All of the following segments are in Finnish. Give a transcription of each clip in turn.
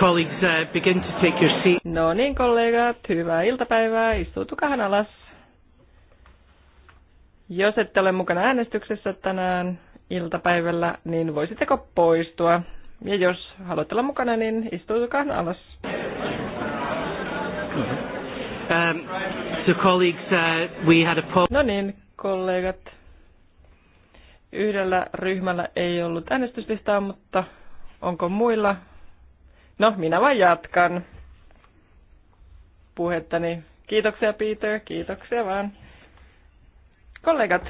Colleagues, uh, begin to take your seat. No niin, kollegat, hyvää iltapäivää. Istuutukahan alas. Jos ette ole mukana äänestyksessä tänään iltapäivällä, niin voisitteko poistua? Ja jos haluatte olla mukana, niin istuutukahan alas. Um, so colleagues, uh, we had a poll. No niin, kollegat. Yhdellä ryhmällä ei ollut äänestyslistaa, mutta onko muilla No, minä vain jatkan puhettani. Kiitoksia Peter, kiitoksia vaan. Kollegat,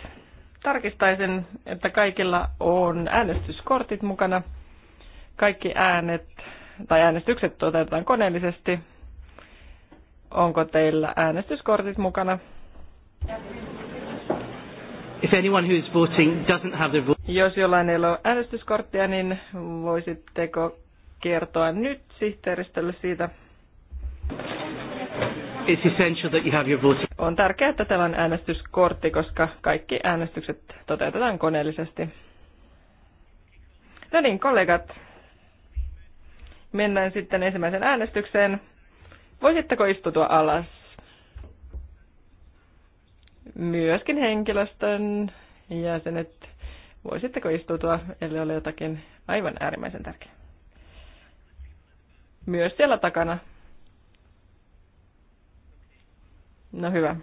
tarkistaisin, että kaikilla on äänestyskortit mukana. Kaikki äänet tai äänestykset toteutetaan koneellisesti. Onko teillä äänestyskortit mukana? If anyone who is voting doesn't have the... Jos jollain ei ole äänestyskorttia, niin voisitteko kertoa nyt sihteeristölle siitä. It's essential that you have your On tärkeää, että teillä on äänestyskortti, koska kaikki äänestykset toteutetaan koneellisesti. No niin, kollegat. Mennään sitten ensimmäisen äänestykseen. Voisitteko istutua alas? Myöskin henkilöstön jäsenet. Voisitteko istutua, ellei ole jotakin aivan äärimmäisen tärkeää? myös siellä takana. No hyvä.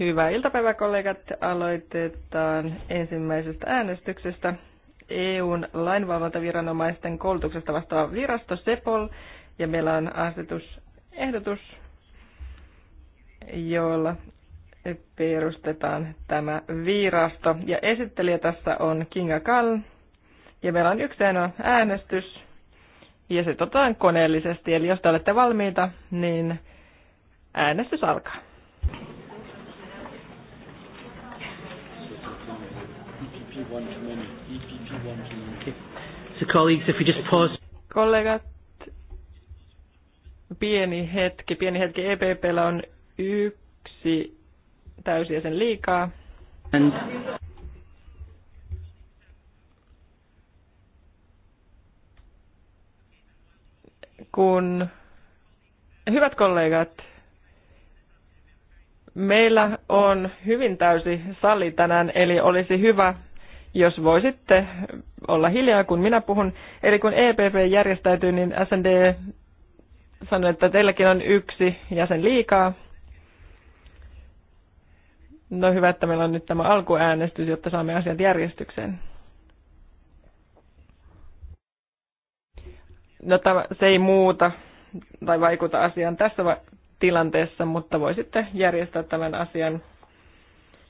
Hyvää iltapäivää kollegat. Aloitetaan ensimmäisestä äänestyksestä. EUn lainvalvontaviranomaisten koulutuksesta vastaava virasto SEPOL ja meillä on asetusehdotus, jolla perustetaan tämä virasto. Ja esittelijä tässä on Kinga Kall. Ja meillä on yksi ainoa äänestys. Ja se otetaan koneellisesti. Eli jos te olette valmiita, niin äänestys alkaa. So colleagues, if we just pause. Kollegat, pieni hetki, pieni hetki. EPPllä on yksi täysiä sen liikaa. And kun hyvät kollegat, meillä on hyvin täysi sali tänään, eli olisi hyvä, jos voisitte olla hiljaa, kun minä puhun. Eli kun EPP järjestäytyy, niin SND sanoi, että teilläkin on yksi jäsen liikaa. No hyvä, että meillä on nyt tämä alkuäänestys, jotta saamme asiat järjestykseen. No tämä, se ei muuta tai vaikuta asiaan tässä tilanteessa, mutta voisitte järjestää tämän asian.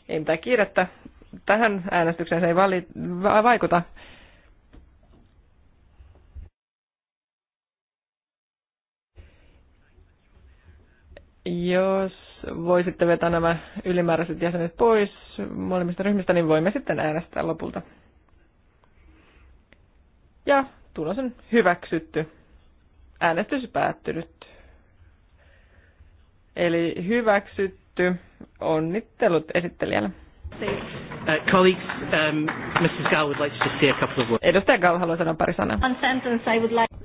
Ei mitään kiirettä. Tähän äänestykseen se ei vali, va, vaikuta. Jos sitten vetää nämä ylimääräiset jäsenet pois molemmista ryhmistä, niin voimme sitten äänestää lopulta. Ja tulos on hyväksytty. Äänestys päättynyt. Eli hyväksytty. Onnittelut esittelijälle. Uh, colleagues, um, Mrs. Gall would like to just say a couple of words. Edustaja Gall haluaa sanoa pari sanaa.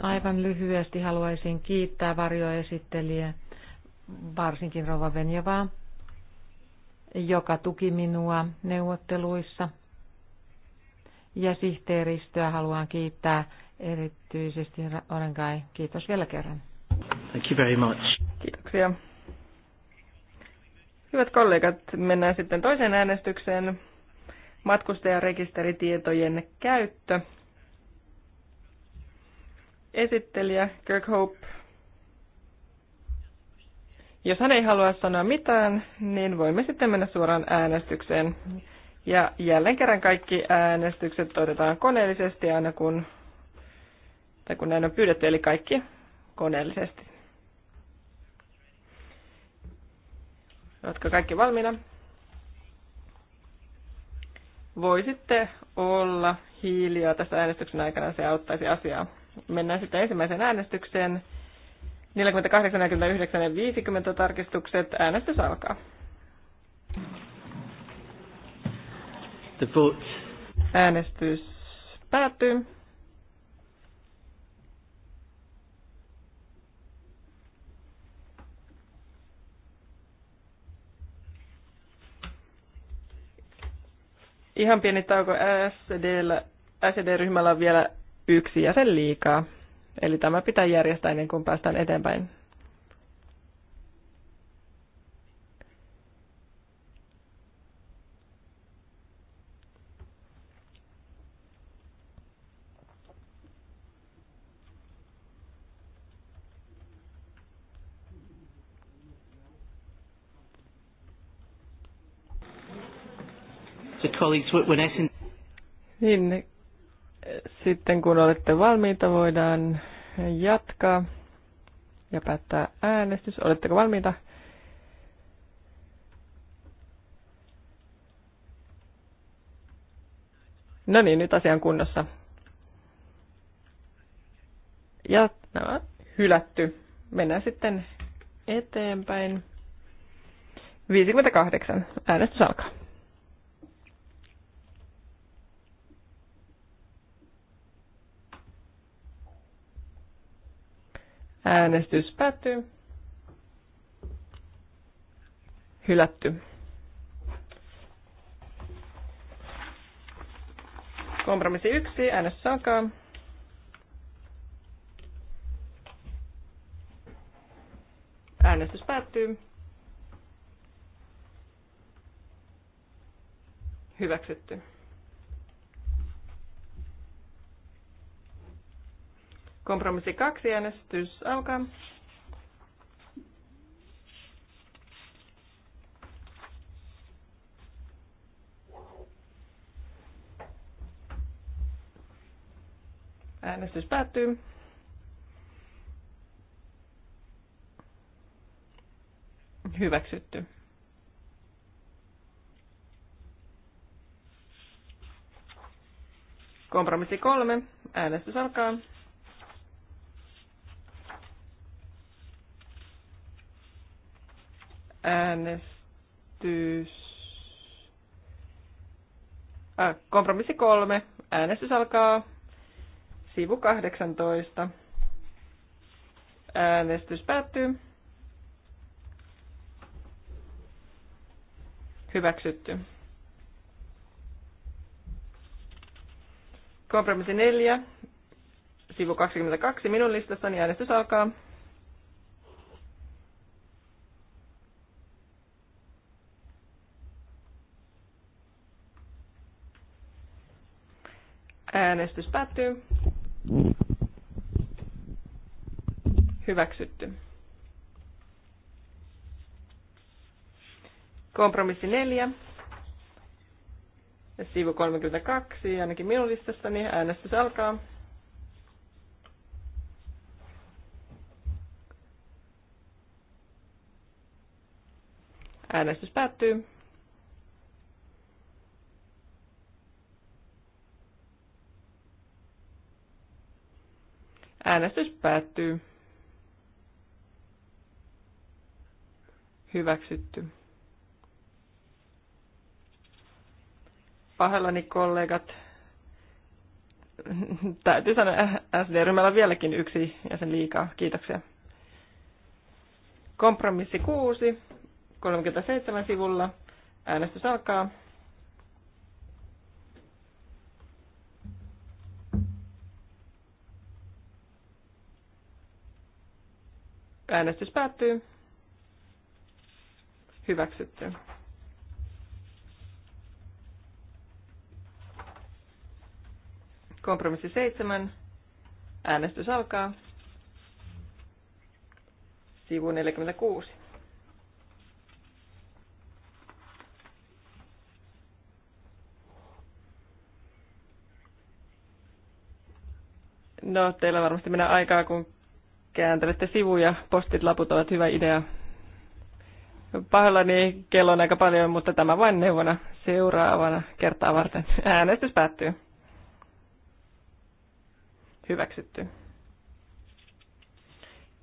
Aivan lyhyesti haluaisin kiittää varjoesittelijää varsinkin Rova Venjavaa, joka tuki minua neuvotteluissa. Ja sihteeristöä haluan kiittää erityisesti Orenkai. Kiitos vielä kerran. Thank you very much. Kiitoksia. Hyvät kollegat, mennään sitten toiseen äänestykseen. Matkustajarekisteritietojen käyttö. Esittelijä Kirk Hope jos hän ei halua sanoa mitään, niin voimme sitten mennä suoraan äänestykseen. Ja jälleen kerran kaikki äänestykset toitetaan koneellisesti aina kun, tai kun näin on pyydetty, eli kaikki koneellisesti. Oletko kaikki valmiina? Voisitte olla hiljaa tässä äänestyksen aikana, se auttaisi asiaa. Mennään sitten ensimmäiseen äänestykseen. 48, 49 ja 50 tarkistukset. Äänestys alkaa. The vote. Äänestys päättyy. Ihan pieni tauko sd ryhmällä on vielä yksi jäsen liikaa. Eli tämä pitää järjestää ennen kuin päästään eteenpäin. colleagues, Niin, sitten kun olette valmiita, voidaan jatkaa ja päättää äänestys. Oletteko valmiita? No niin, nyt asian kunnossa. Ja nämä hylätty. Mennään sitten eteenpäin. 58. Äänestys alkaa. Äänestys päättyy. Hylätty. Kompromissi yksi, äänestys alkaa. Äänestys päättyy. Hyväksytty. Kompromissi kaksi äänestys alkaa. Äänestys päättyy. Hyväksytty. Kompromissi kolme. Äänestys alkaa. äänestys. Äh, kompromissi kolme. Äänestys alkaa sivu 18. Äänestys päättyy. Hyväksytty. Kompromissi 4, sivu 22 minun listassani äänestys alkaa. Äänestys päättyy. Hyväksytty. Kompromissi 4. Sivu 32, ainakin minun listassani. Äänestys alkaa. Äänestys päättyy. Äänestys päättyy. Hyväksytty. Pahallani kollegat, täytyy sanoa äh, SD-ryhmällä vieläkin yksi ja sen liikaa. Kiitoksia. Kompromissi 6, 37 sivulla. Äänestys alkaa. Äänestys päättyy. Hyväksytty. Kompromissi seitsemän. Äänestys alkaa. Sivu 46. No, teillä varmasti mennä aikaa, kun kääntelette sivuja. Postit laput ovat hyvä idea. Pahoillani kello on aika paljon, mutta tämä vain neuvona seuraavana kertaa varten. Äänestys päättyy. Hyväksytty.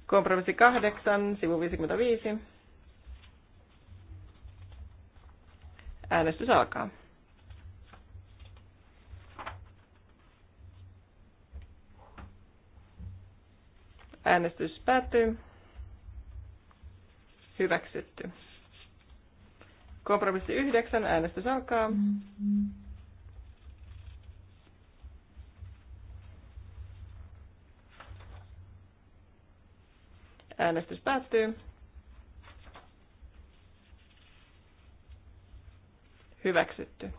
Kompromissi 8, sivu 55. Äänestys alkaa. Äänestys päättyy. Hyväksytty. Kompromissi 9. Äänestys alkaa. Äänestys päättyy. Hyväksytty.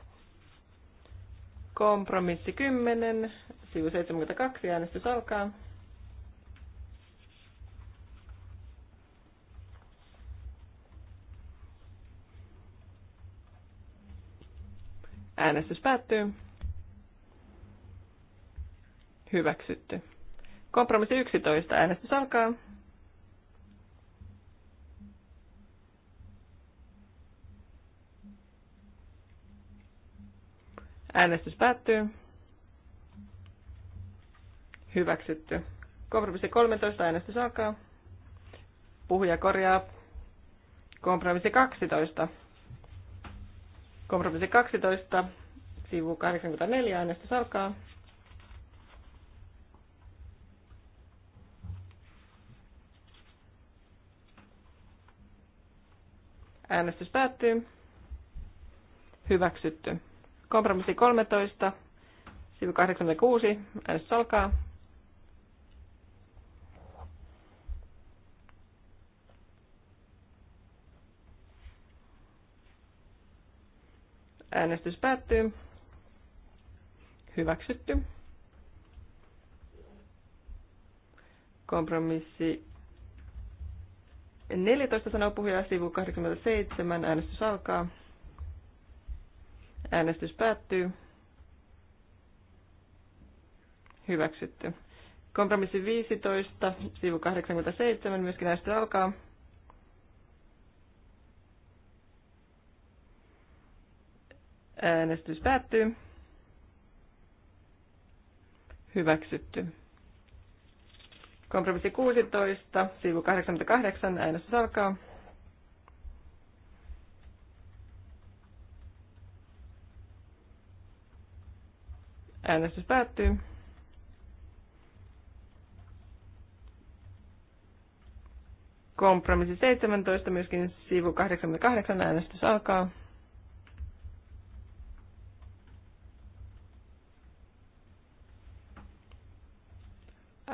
Kompromissi 10, sivu 72, äänestys alkaa. Äänestys päättyy. Hyväksytty. Kompromissi 11. Äänestys alkaa. Äänestys päättyy. Hyväksytty. Kompromissi 13. Äänestys alkaa. Puhuja korjaa. Kompromissi 12. Kompromissi 12, sivu 84, äänestys alkaa. Äänestys päättyy. Hyväksytty. Kompromissi 13, sivu 86, äänestys alkaa. Äänestys päättyy. Hyväksytty. Kompromissi 14 sanoo puhuja sivu 87. Äänestys alkaa. Äänestys päättyy. Hyväksytty. Kompromissi 15, sivu 87, myöskin äänestys alkaa. Äänestys päättyy. Hyväksytty. Kompromissi 16, sivu 88, äänestys alkaa. Äänestys päättyy. Kompromissi 17, myöskin sivu 88, äänestys alkaa.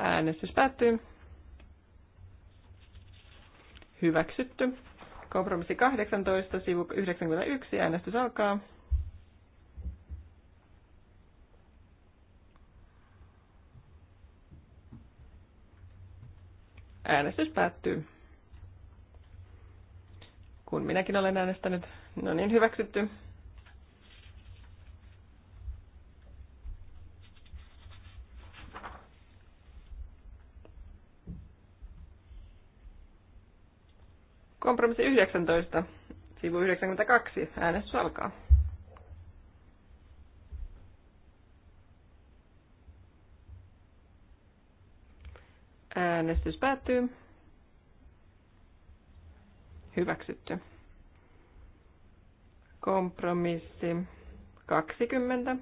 Äänestys päättyy. Hyväksytty. Kompromissi 18, sivu 91. Äänestys alkaa. Äänestys päättyy. Kun minäkin olen äänestänyt, no niin hyväksytty. Kompromissi 19, sivu 92, äänestys alkaa. Äänestys päättyy. Hyväksytty. Kompromissi 20.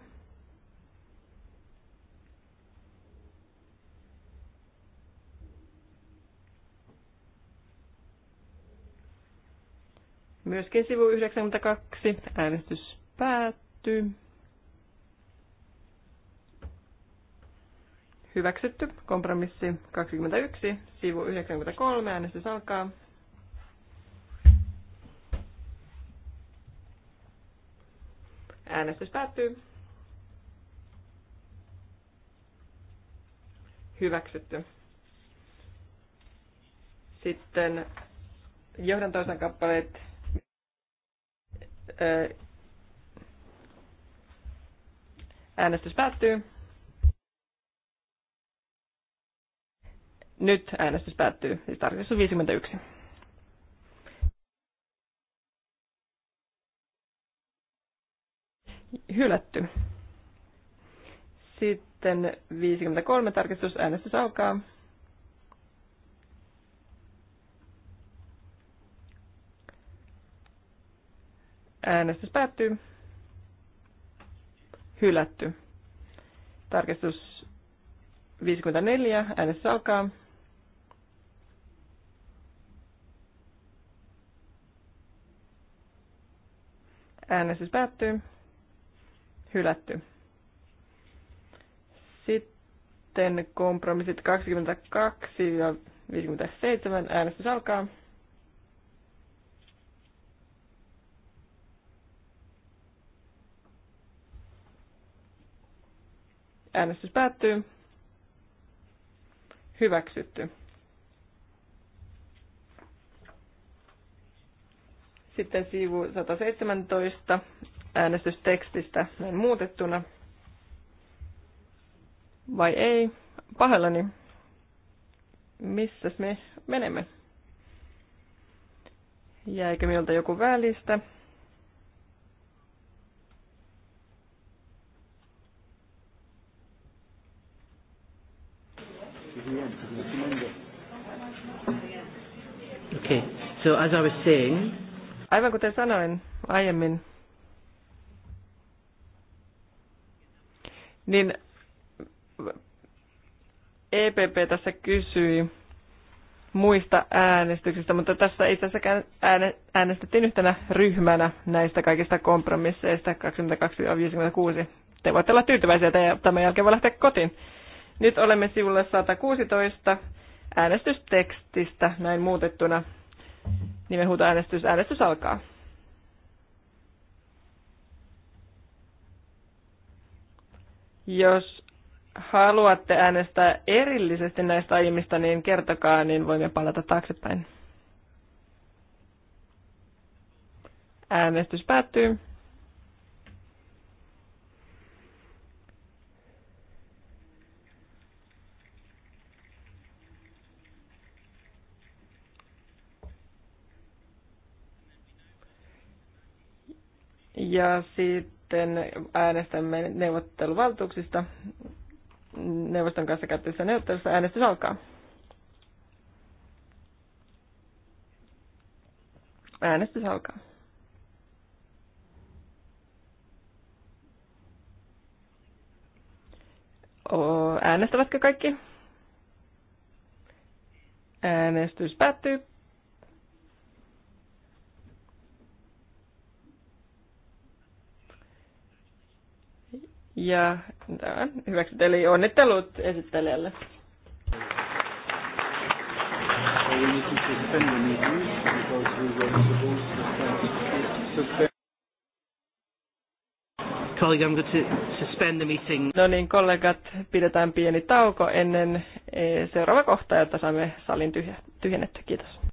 Myöskin sivu 92 äänestys päättyy. Hyväksytty. Kompromissi 21. Sivu 93. Äänestys alkaa. Äänestys päättyy. Hyväksytty. Sitten johdantoisan kappaleet Äänestys päättyy. Nyt äänestys päättyy, siis tarkistus 51. Hylätty. Sitten 53 tarkistus, äänestys alkaa. Äänestys päättyy. Hylätty. Tarkistus 54. Äänestys alkaa. Äänestys päättyy. Hylätty. Sitten kompromissit 22 ja 57. Äänestys alkaa. Äänestys päättyy. Hyväksytty. Sitten sivu 117 äänestystekstistä näin muutettuna. Vai ei? Pahoillani. Missäs me menemme? Jäikö minulta joku välistä? So as I was saying, Aivan kuten sanoin aiemmin, niin EPP tässä kysyi muista äänestyksistä, mutta tässä itse asiassa äänestettiin yhtenä ryhmänä näistä kaikista kompromisseista 22-56. Te voitte olla tyytyväisiä ja tämän jälkeen voi lähteä kotiin. Nyt olemme sivulla 116 äänestystekstistä näin muutettuna. Nimenhuutoäänestys. Äänestys alkaa. Jos haluatte äänestää erillisesti näistä aiemmista, niin kertokaa, niin voimme palata taaksepäin. Äänestys päättyy. Ja sitten äänestämme neuvotteluvaltuuksista. Neuvoston kanssa käyttävissä neuvottelussa äänestys alkaa. Äänestys alkaa. Äänestävätkö kaikki? Äänestys päättyy. Ja äh, hyväksyt, eli onnittelut esittelijälle. No niin, kollegat, pidetään pieni tauko ennen eh, seuraava kohtaa, jotta saamme salin tyhjennettyä. Kiitos.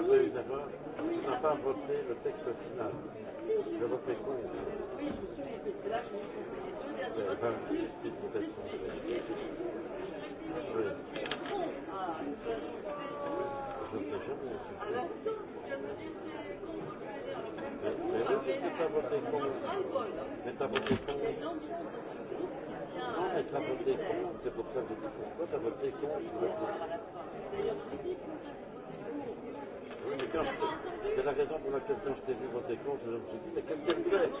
la feuille d'abord. On n'a pas voté le texte final. Je votais contre. Je ne sais jamais. Mais non, tu as voté contre. Mais tu as voté contre. Non, mais tu as voté contre, c'est pour ça que je dis pourquoi tu as voté contre c'est la raison pour laquelle quand je t'ai vu voter contre, je me suis dit, mais qu'est-ce qu'elle fait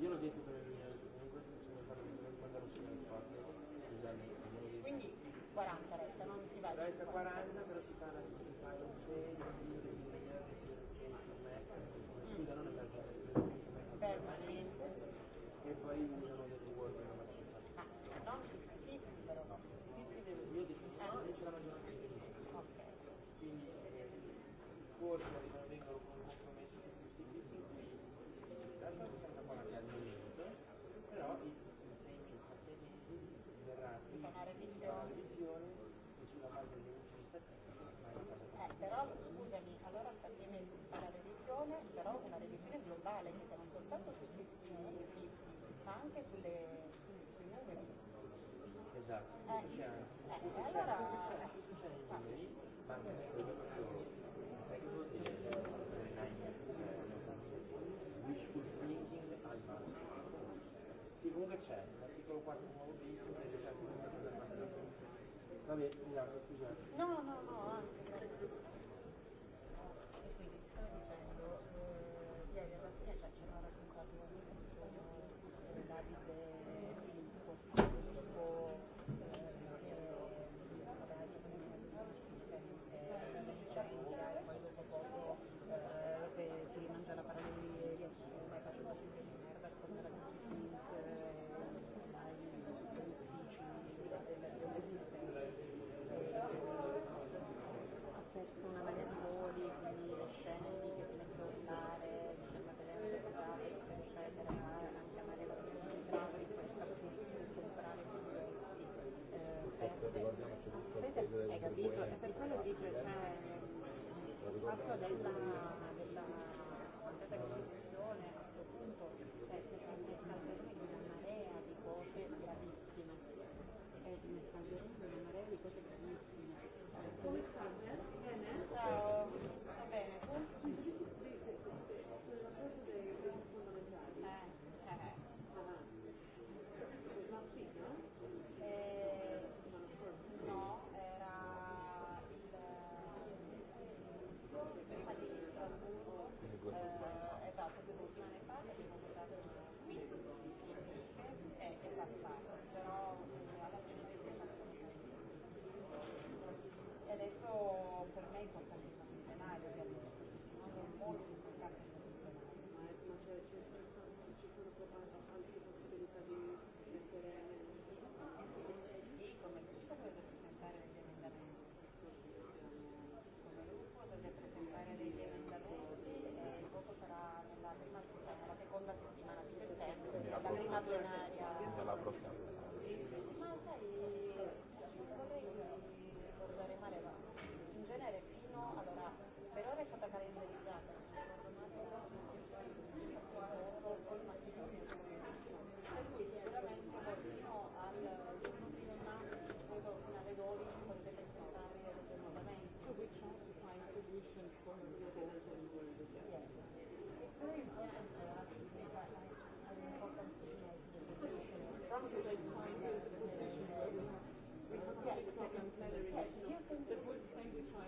Io l'ho detto per il in questo bisogna fare quando lo si fa. Scusami. Quindi 40 restano, non si va. Resta 40, però Comunque c'è l'articolo 4 nuovo bis, Va bene, scusa. No, no, no. passo della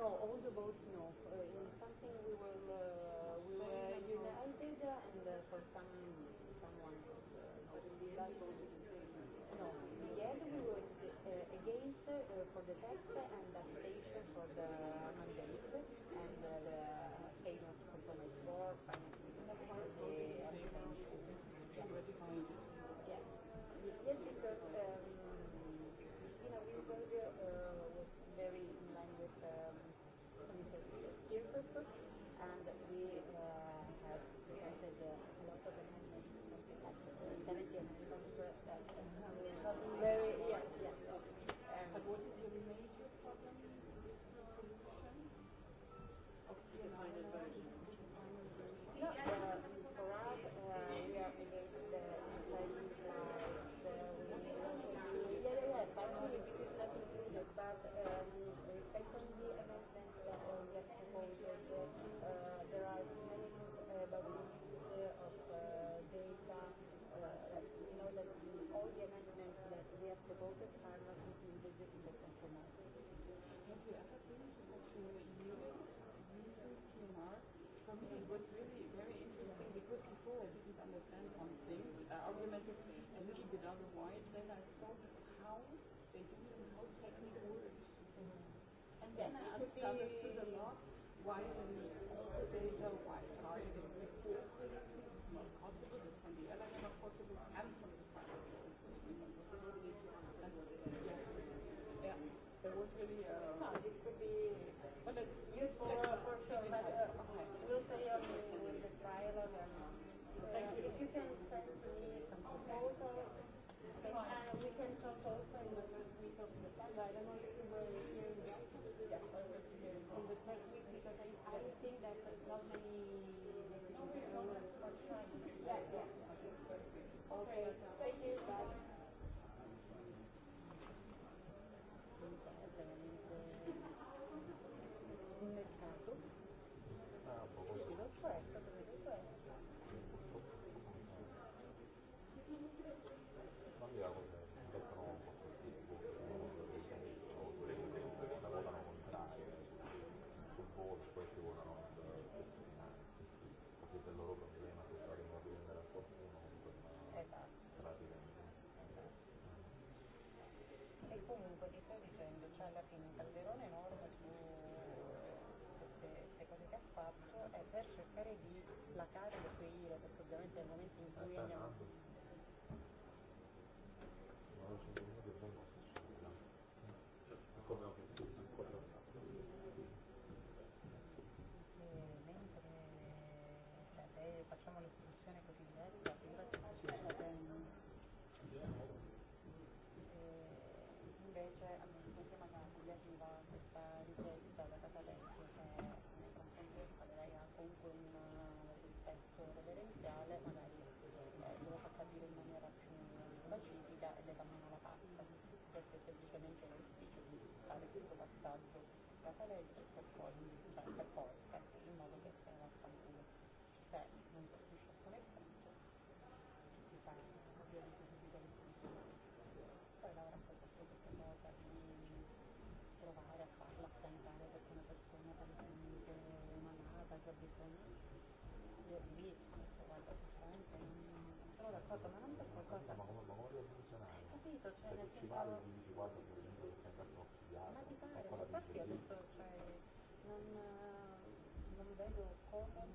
no, all the boats no. Uh, in something we will uh, we were uh, united uh, and uh, for some someone was uh, not no. Together we were uh, against uh, for the text and otherwise. Then I thought how they do and how technique works. Mm-hmm. And then I understood a lot why the data, why targeting is not possible from the airline, not possible, and from the private yeah. yeah, there was really a... No, this could be but it's useful uh, for sure, but uh, okay. we'll say on um, the, the trial or not. Um, Thank you. If you can send me a proposal, de momento väga väikesed former, väga att ilma lõpetavata see numbri kokkuleppimist. mida poi att su questa cosa di provare a farla cantare perché una persona palesemente malata che ma come, ma come lo funzionare? Capito, cioè nel senso dialecto cioè non, non vedo come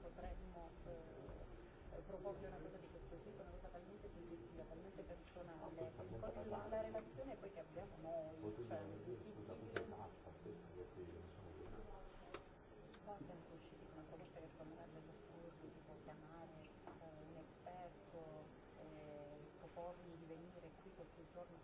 potremmo eh, proporre una cosa di questo tipo, una cosa talmente suggestiva, talmente personale, con la, la relazione poi che abbiamo noi, cioè è difficile. Qua siamo riusciti con una proposta che secondo me è bello assurdo, tipo chiamare eh, un esperto, eh, proporgli di venire qui qualche giorno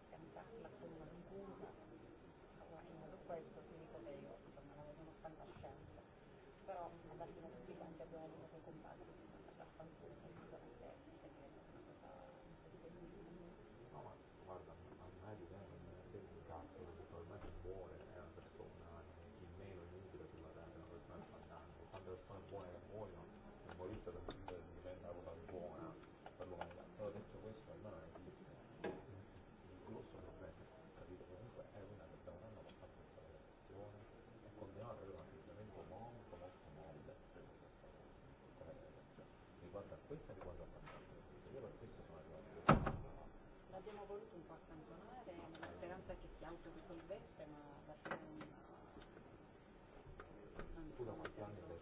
autoricolpeste, ma va a essere una, una... una... una...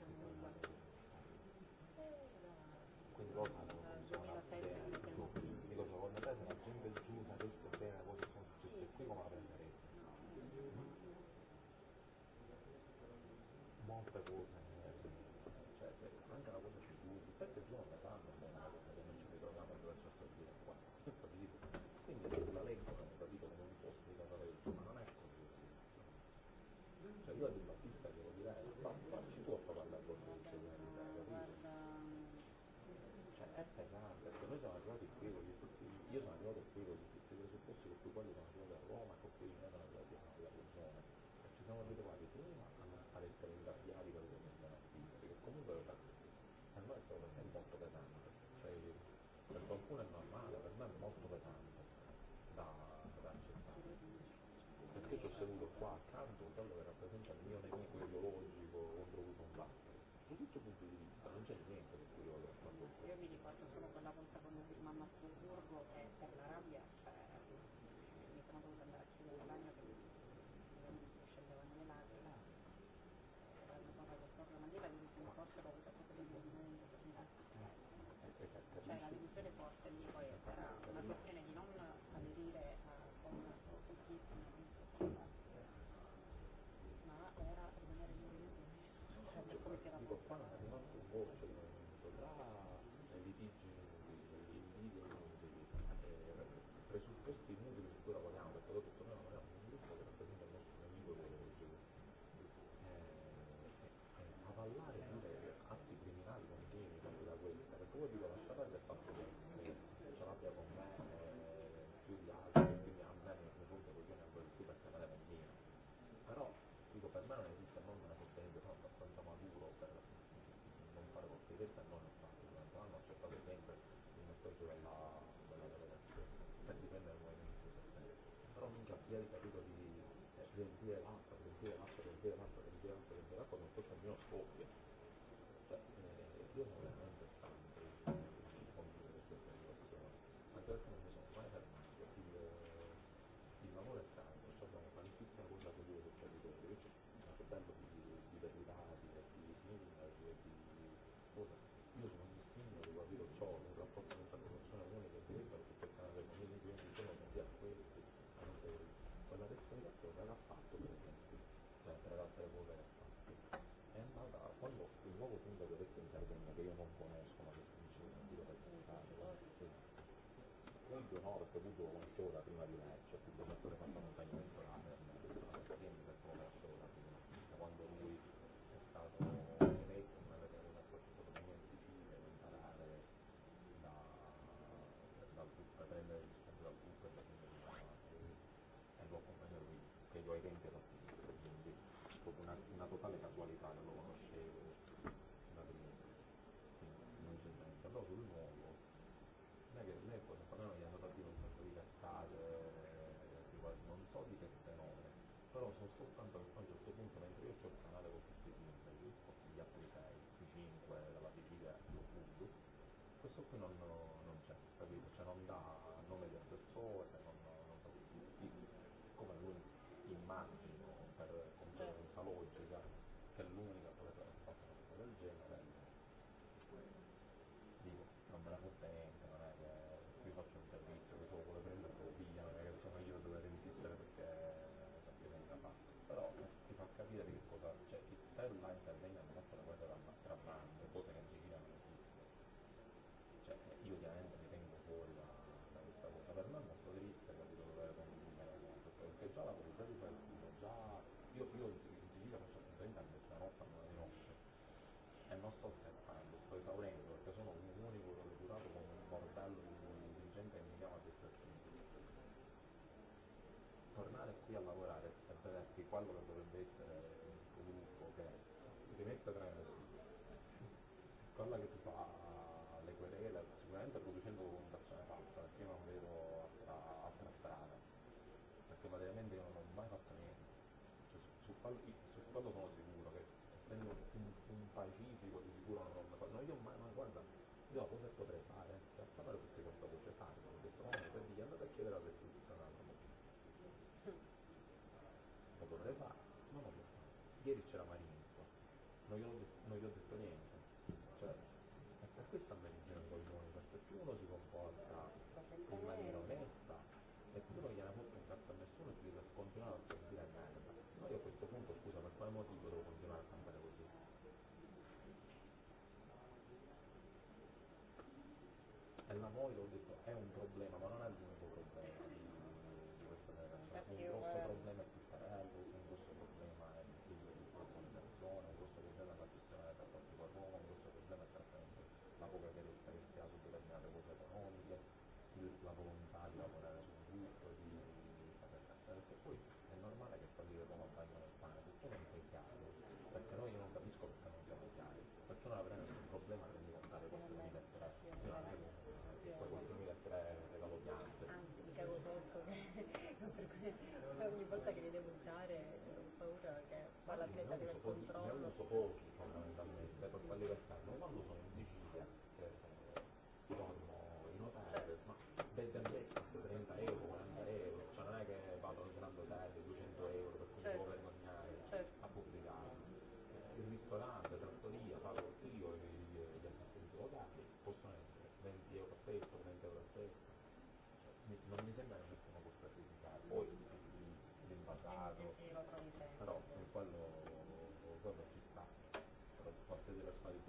morto di Goma in sola prima di Lecce, quindi a lavorare per sapersi quando la dovrebbe essere eh, comunque premessa tra noi lo detto è un problema, ma non abbiamo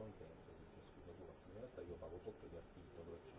contento di ciascuna tua finestra, io pago tutto gli articoli e ci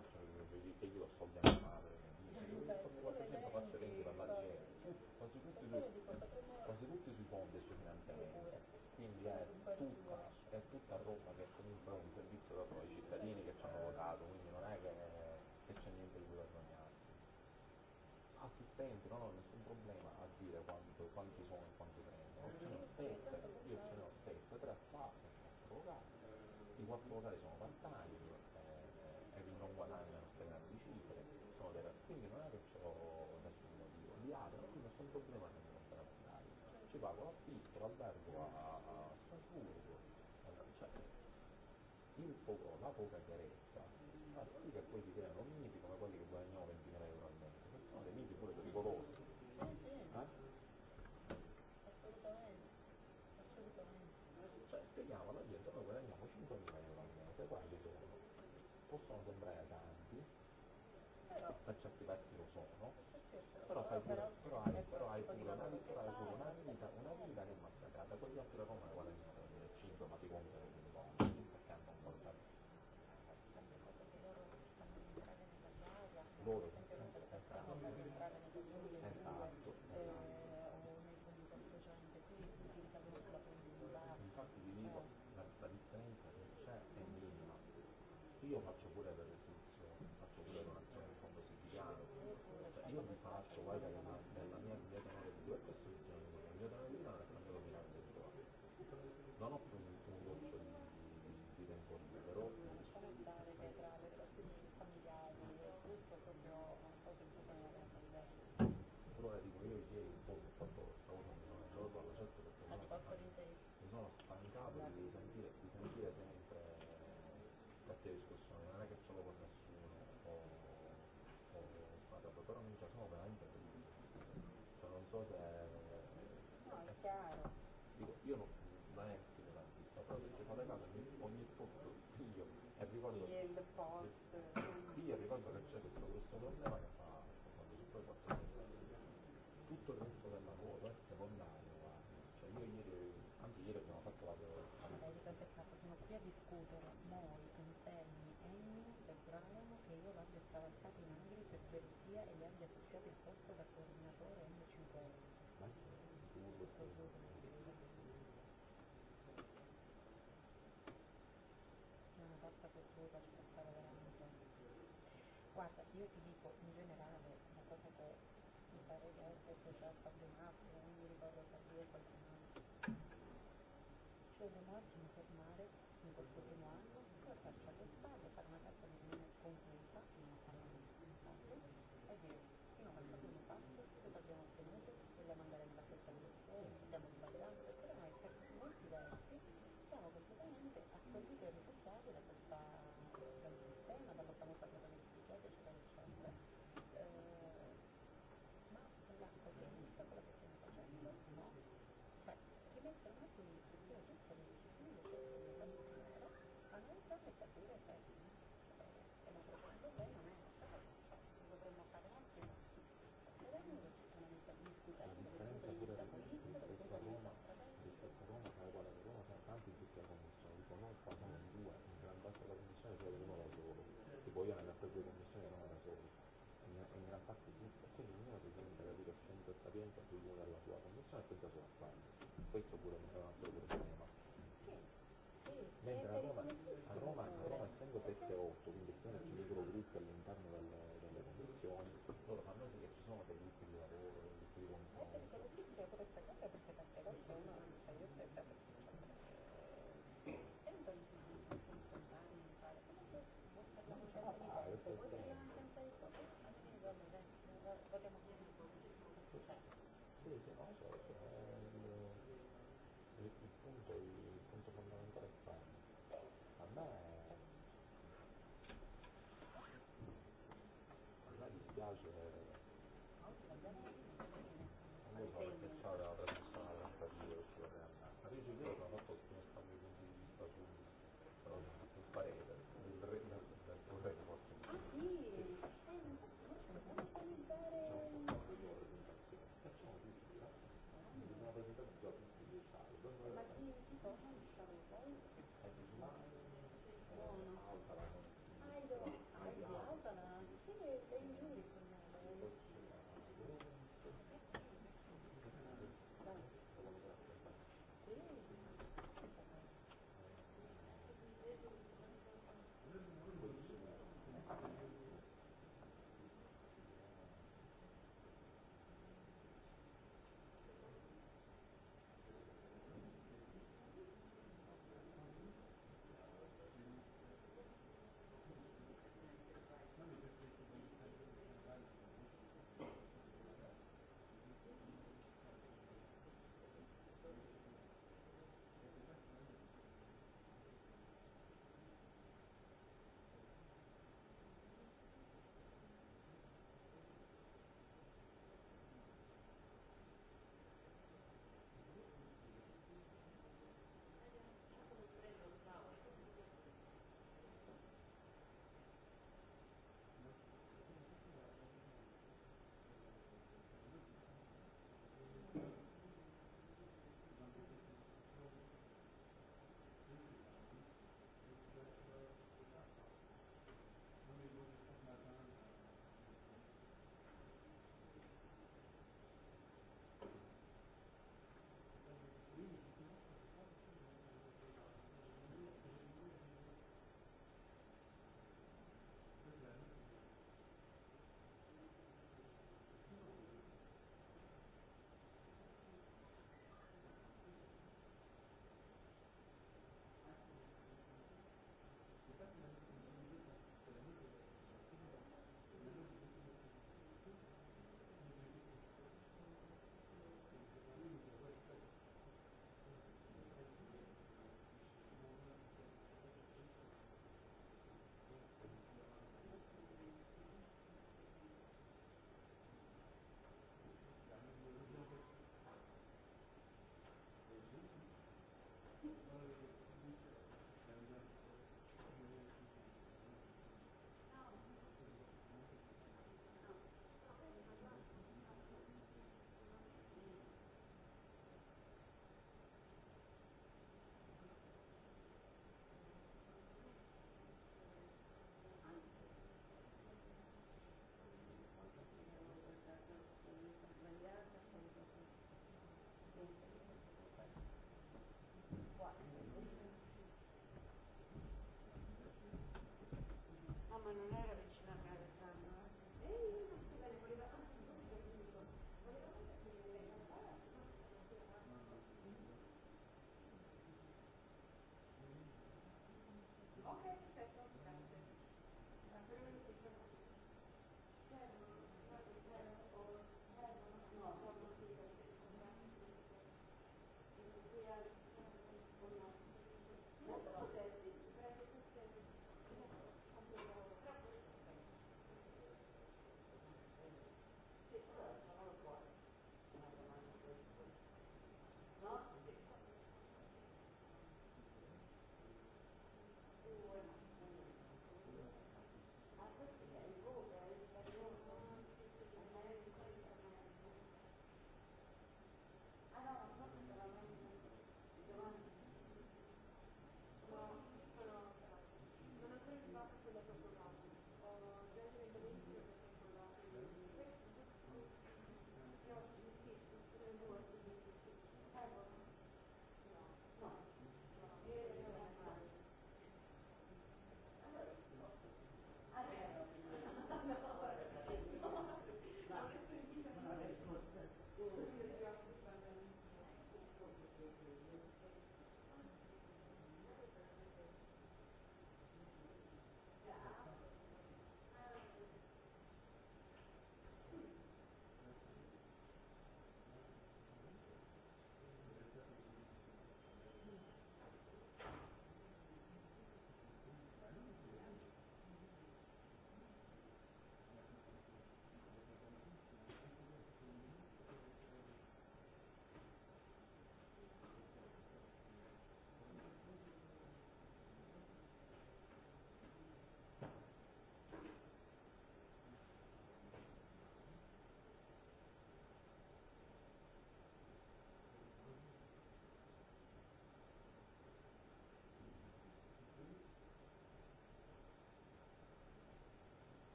faccio vedete io ho soldi a fare il 4% quasi tutti quasi tutti sui fondi sui finanziamenti quindi è tutta, è tutta Roma che è comunque un servizio da i cittadini che ci hanno votato quindi non è che, che c'è niente di cui vergognarsi assistenti non ho nessun problema a dire quanto, quanti sono poca chiarezza, ma quelli che poi si creano miti come quelli che guadagnano 20.000 euro al mese, sono dei miti pure pericolosi. Eh sì. Eh? Cioè spieghiamo alla gente, noi guadagniamo 5.000 euro al mese, quanti sono? Possono sembrare tanti, però, per certi versi lo sono, però, però, però, però, però hai pure una, però hai pure porta col suo per fare veramente guarda io ti dico in generale una cosa che mi pare di essere già stato in Africa non mi ricordo per due qualcun altro cioè siamo oggi in formare in questo primo anno cosa faccio akwai ta gurin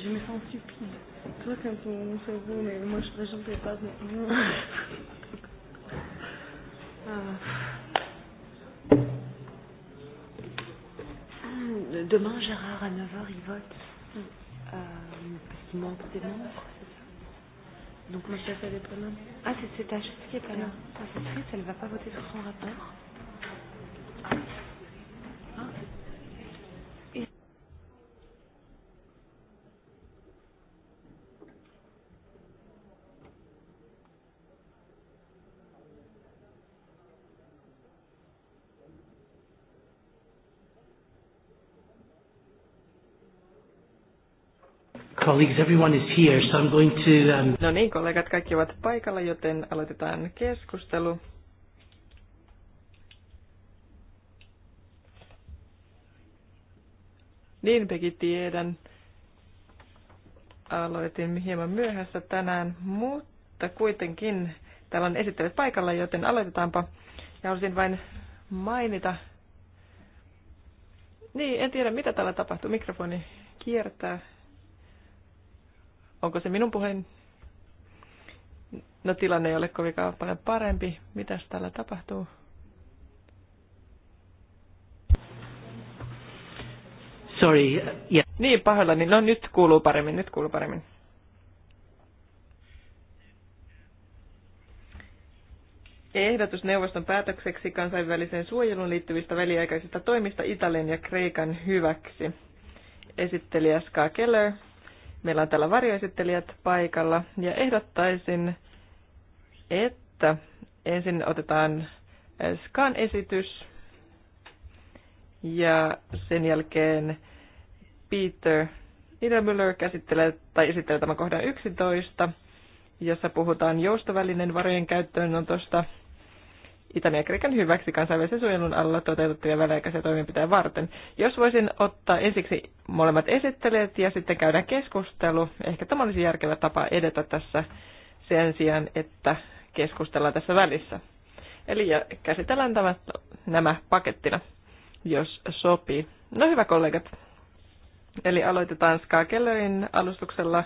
je me sens stupide. Toi, quand ton cerveau, mais moi, je ne sais pas de. Ah. ah. Demain, Gérard, à 9h, il vote. Hmm. Euh, parce qu'il manque des membres, c'est ça Donc, moi, je t'appelle pas là. Ah, c'est ta chef qui est pas là. Ah, c'est triste, elle ne va pas voter sur son rapport. colleagues, everyone is here, so I'm going to... Um... No niin, kollegat, kaikki ovat paikalla, joten aloitetaan keskustelu. Niin, Peki, tiedän. Aloitin hieman myöhässä tänään, mutta kuitenkin täällä on esittelyt paikalla, joten aloitetaanpa. Ja haluaisin vain mainita. Niin, en tiedä mitä täällä tapahtuu. Mikrofoni kiertää. Onko se minun puheen? No tilanne ei ole kovinkaan paljon parempi. Mitäs täällä tapahtuu? Sorry. Yeah. Niin, niin No nyt kuuluu paremmin, nyt kuuluu paremmin. Ehdotus neuvoston päätökseksi kansainväliseen suojeluun liittyvistä väliaikaisista toimista Italian ja Kreikan hyväksi. Esittelijä Ska Keller. Meillä on täällä varjoesittelijät paikalla ja ehdottaisin, että ensin otetaan scan-esitys ja sen jälkeen Peter Idemüller käsittelee tai esittelee tämän kohdan 11, jossa puhutaan joustovälinen varojen käyttöönotosta Italian ja Kreikan hyväksi kansainvälisen suojelun alla toteutettuja väliaikaisia toimenpiteitä varten. Jos voisin ottaa ensiksi molemmat esittelijät ja sitten käydään keskustelu, ehkä tämä olisi järkevä tapa edetä tässä sen sijaan, että keskustellaan tässä välissä. Eli käsitellään tämä, nämä pakettina, jos sopii. No hyvä kollegat. Eli aloitetaan Ska Kellerin alustuksella.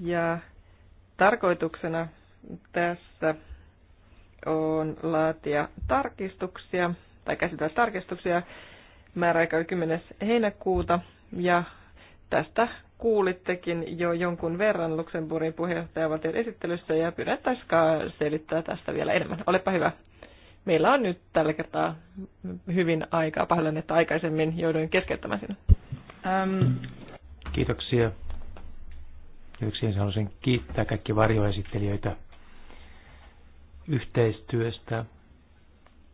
Ja tarkoituksena tässä on laatia tarkistuksia tai käsitellä tarkistuksia määräaika 10. heinäkuuta ja tästä kuulittekin jo jonkun verran Luxemburgin puheenjohtajavaltion esittelyssä ja pyydän selittää tästä vielä enemmän. Olepa hyvä. Meillä on nyt tällä kertaa hyvin aikaa. Pahoillani, että aikaisemmin jouduin keskeyttämään sinne. Äm... Kiitoksia. Kiitoksia. Haluaisin kiittää kaikki varjoesittelijöitä yhteistyöstä,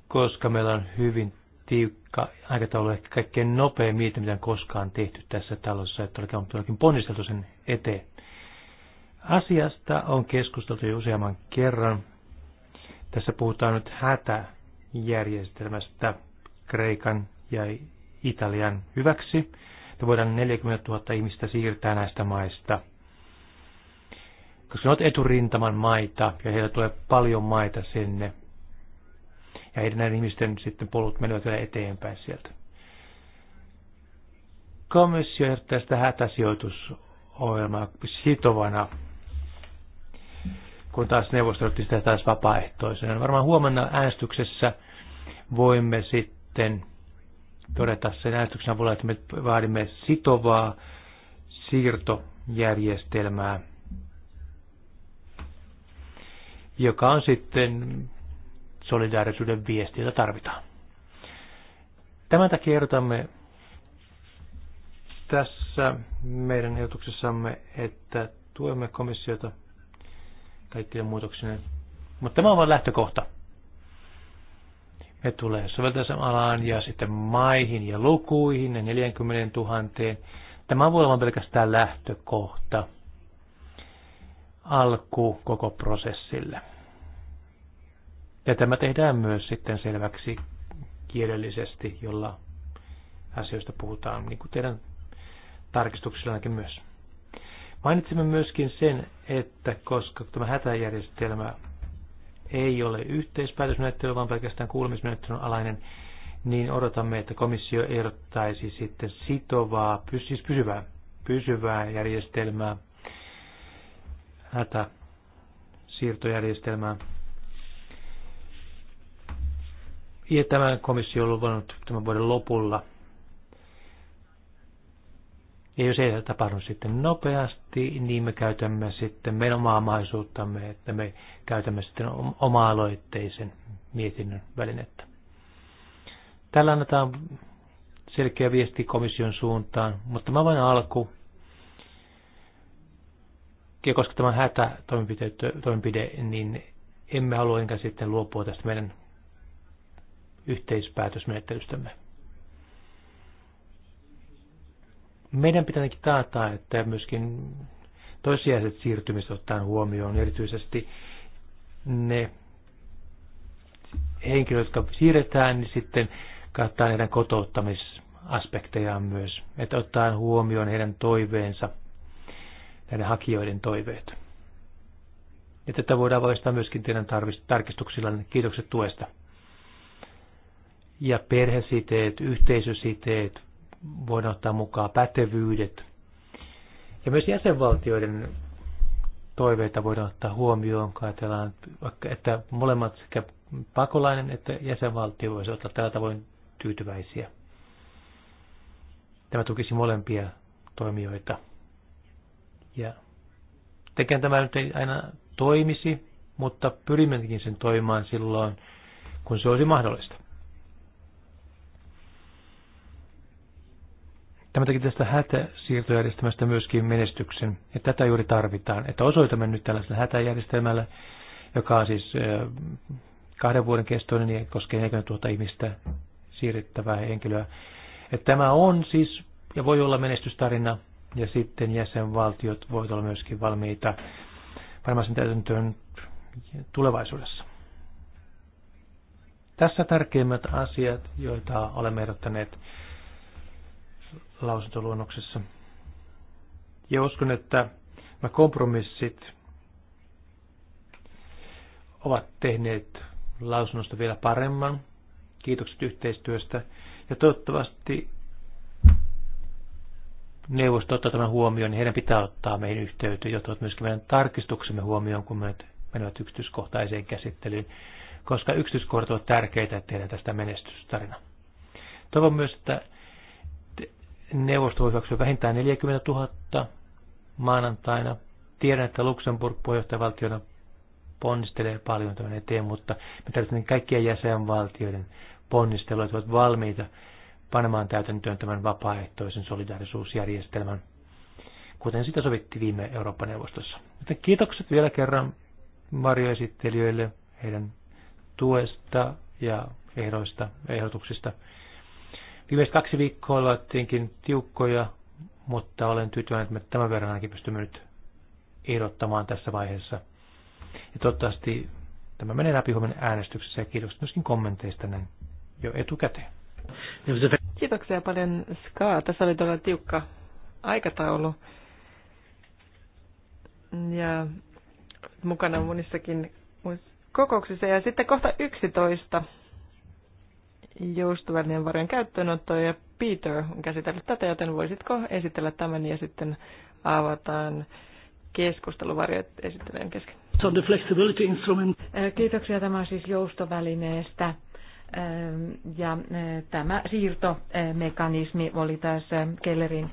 koska meillä on hyvin tiukka aikataulu, ehkä kaikkein nopein mietintö, mitä on koskaan tehty tässä talossa, että on todellakin ponnisteltu sen eteen. Asiasta on keskusteltu jo useamman kerran. Tässä puhutaan nyt hätäjärjestelmästä Kreikan ja Italian hyväksi. Me voidaan 40 000 ihmistä siirtää näistä maista – koska ne ovat eturintaman maita ja heillä tulee paljon maita sinne. Ja heidän ihmisten sitten polut menevät vielä eteenpäin sieltä. Komissio ehdottaa sitä hätäsijoitusohjelmaa sitovana, kun taas neuvostelutti sitä taas vapaaehtoisena. Varmaan huomenna äänestyksessä voimme sitten todeta sen äänestyksen avulla, että me vaadimme sitovaa siirtojärjestelmää joka on sitten solidaarisuuden viesti, jota tarvitaan. Tämän takia ehdotamme tässä meidän ehdotuksessamme, että tuemme komissiota kaikille muutoksineen. Mutta tämä on vain lähtökohta. Me tulee alaan ja sitten maihin ja lukuihin ja 40 000. Tämä voi olla pelkästään lähtökohta alku koko prosessille. Ja tämä tehdään myös sitten selväksi kielellisesti, jolla asioista puhutaan, niin kuin teidän tarkistuksillakin myös. Mainitsimme myöskin sen, että koska tämä hätäjärjestelmä ei ole yhteispäätösmenettely, vaan pelkästään kuulemismenettelyn alainen, niin odotamme, että komissio ehdottaisi sitten sitovaa, siis pysyvää, pysyvää järjestelmää, hätäsiirtojärjestelmää, Ja tämän komissio on luvannut tämän vuoden lopulla. Ja jos ei tapahdu sitten nopeasti, niin me käytämme sitten meidän omaa maisuuttamme, että me käytämme sitten oma-aloitteisen mietinnön välinettä. Tällä annetaan selkeä viesti komission suuntaan, mutta tämä vain alku. Ja koska tämä on hätätoimenpide, niin emme halua enkä sitten luopua tästä meidän yhteispäätösmenettelystämme. Meidän pitää taata, että myöskin toissijaiset siirtymiset ottaen huomioon, erityisesti ne henkilöt, jotka siirretään, niin sitten kattaa heidän kotouttamisaspektejaan myös, että ottaen huomioon heidän toiveensa, näiden hakijoiden toiveet. Ja tätä voidaan valistaa myöskin teidän tarkistuksillanne. Kiitokset tuesta ja perhesiteet, yhteisösiteet, voidaan ottaa mukaan pätevyydet. Ja myös jäsenvaltioiden toiveita voidaan ottaa huomioon, kun ajatellaan, että molemmat sekä pakolainen että jäsenvaltio voisi olla tällä tavoin tyytyväisiä. Tämä tukisi molempia toimijoita. Ja tekemään tämä nyt ei aina toimisi, mutta pyrimmekin sen toimimaan silloin, kun se olisi mahdollista. Tämä teki tästä hätäsiirtojärjestelmästä myöskin menestyksen, ja tätä juuri tarvitaan, että osoitamme nyt tällaisella hätäjärjestelmällä, joka on siis kahden vuoden kestoinen ja koskee 40 000 ihmistä siirrettävää henkilöä. Että tämä on siis, ja voi olla menestystarina, ja sitten jäsenvaltiot voivat olla myöskin valmiita varmaisen täytäntöön tulevaisuudessa. Tässä tärkeimmät asiat, joita olemme ehdottaneet lausuntoluonnoksessa. Ja uskon, että nämä kompromissit ovat tehneet lausunnosta vielä paremman. Kiitokset yhteistyöstä. Ja toivottavasti neuvosto ottaa tämän huomioon, niin heidän pitää ottaa meihin yhteyttä, jotta myöskin meidän tarkistuksemme huomioon, kun me menevät yksityiskohtaiseen käsittelyyn, koska yksityiskohdat ovat tärkeitä, että tehdään tästä menestystarina. Toivon myös, että neuvosto voi hyväksyä vähintään 40 000 maanantaina. Tiedän, että Luxemburg puheenjohtajavaltiona ponnistelee paljon tämän eteen, mutta me tarvitsemme kaikkien jäsenvaltioiden ponnistelua, että ovat valmiita panemaan täytäntöön tämän vapaaehtoisen solidaarisuusjärjestelmän, kuten sitä sovitti viime Euroopan neuvostossa Joten kiitokset vielä kerran varjoesittelijöille heidän tuesta ja ehdoista, ehdotuksista. Viimeiset kaksi viikkoa olettiinkin tiukkoja, mutta olen tyytyväinen, että me tämän verran ainakin pystymme nyt ehdottamaan tässä vaiheessa. Ja toivottavasti tämä menee läpi huomenna äänestyksessä ja kiitos myöskin kommenteista näin jo etukäteen. Kiitoksia paljon Ska. Tässä oli todella tiukka aikataulu. Ja mukana monissakin kokouksissa. Ja sitten kohta 11 joustovälineen varjon käyttöönotto ja Peter on käsitellyt tätä, joten voisitko esitellä tämän ja sitten avataan keskustelu esittelen kesken. So the flexibility instrument. Kiitoksia tämä on siis joustovälineestä. Ja tämä siirtomekanismi oli tässä Kellerin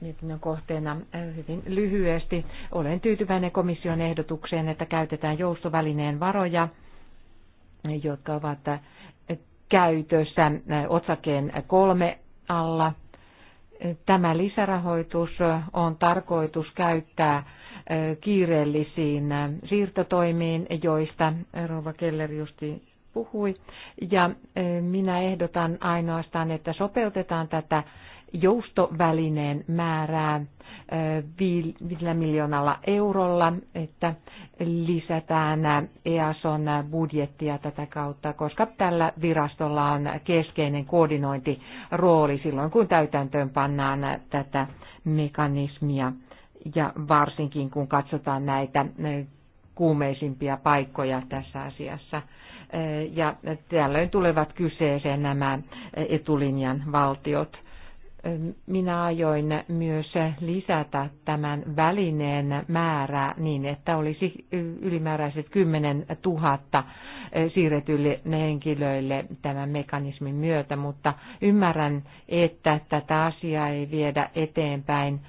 mietinnön kohteena hyvin lyhyesti. Olen tyytyväinen komission ehdotukseen, että käytetään joustovälineen varoja, jotka ovat käytössä äh, otsakeen kolme alla. Tämä lisärahoitus on tarkoitus käyttää äh, kiireellisiin äh, siirtotoimiin, joista Rova Keller justi puhui. Ja minä ehdotan ainoastaan, että sopeutetaan tätä joustovälineen määrää 5 miljoonalla eurolla, että lisätään EASON budjettia tätä kautta, koska tällä virastolla on keskeinen koordinointirooli silloin, kun täytäntöön pannaan tätä mekanismia ja varsinkin kun katsotaan näitä kuumeisimpia paikkoja tässä asiassa. Ja tällöin tulevat kyseeseen nämä etulinjan valtiot minä ajoin myös lisätä tämän välineen määrää niin, että olisi ylimääräiset 10 000 siirretyille henkilöille tämän mekanismin myötä, mutta ymmärrän, että tätä asiaa ei viedä eteenpäin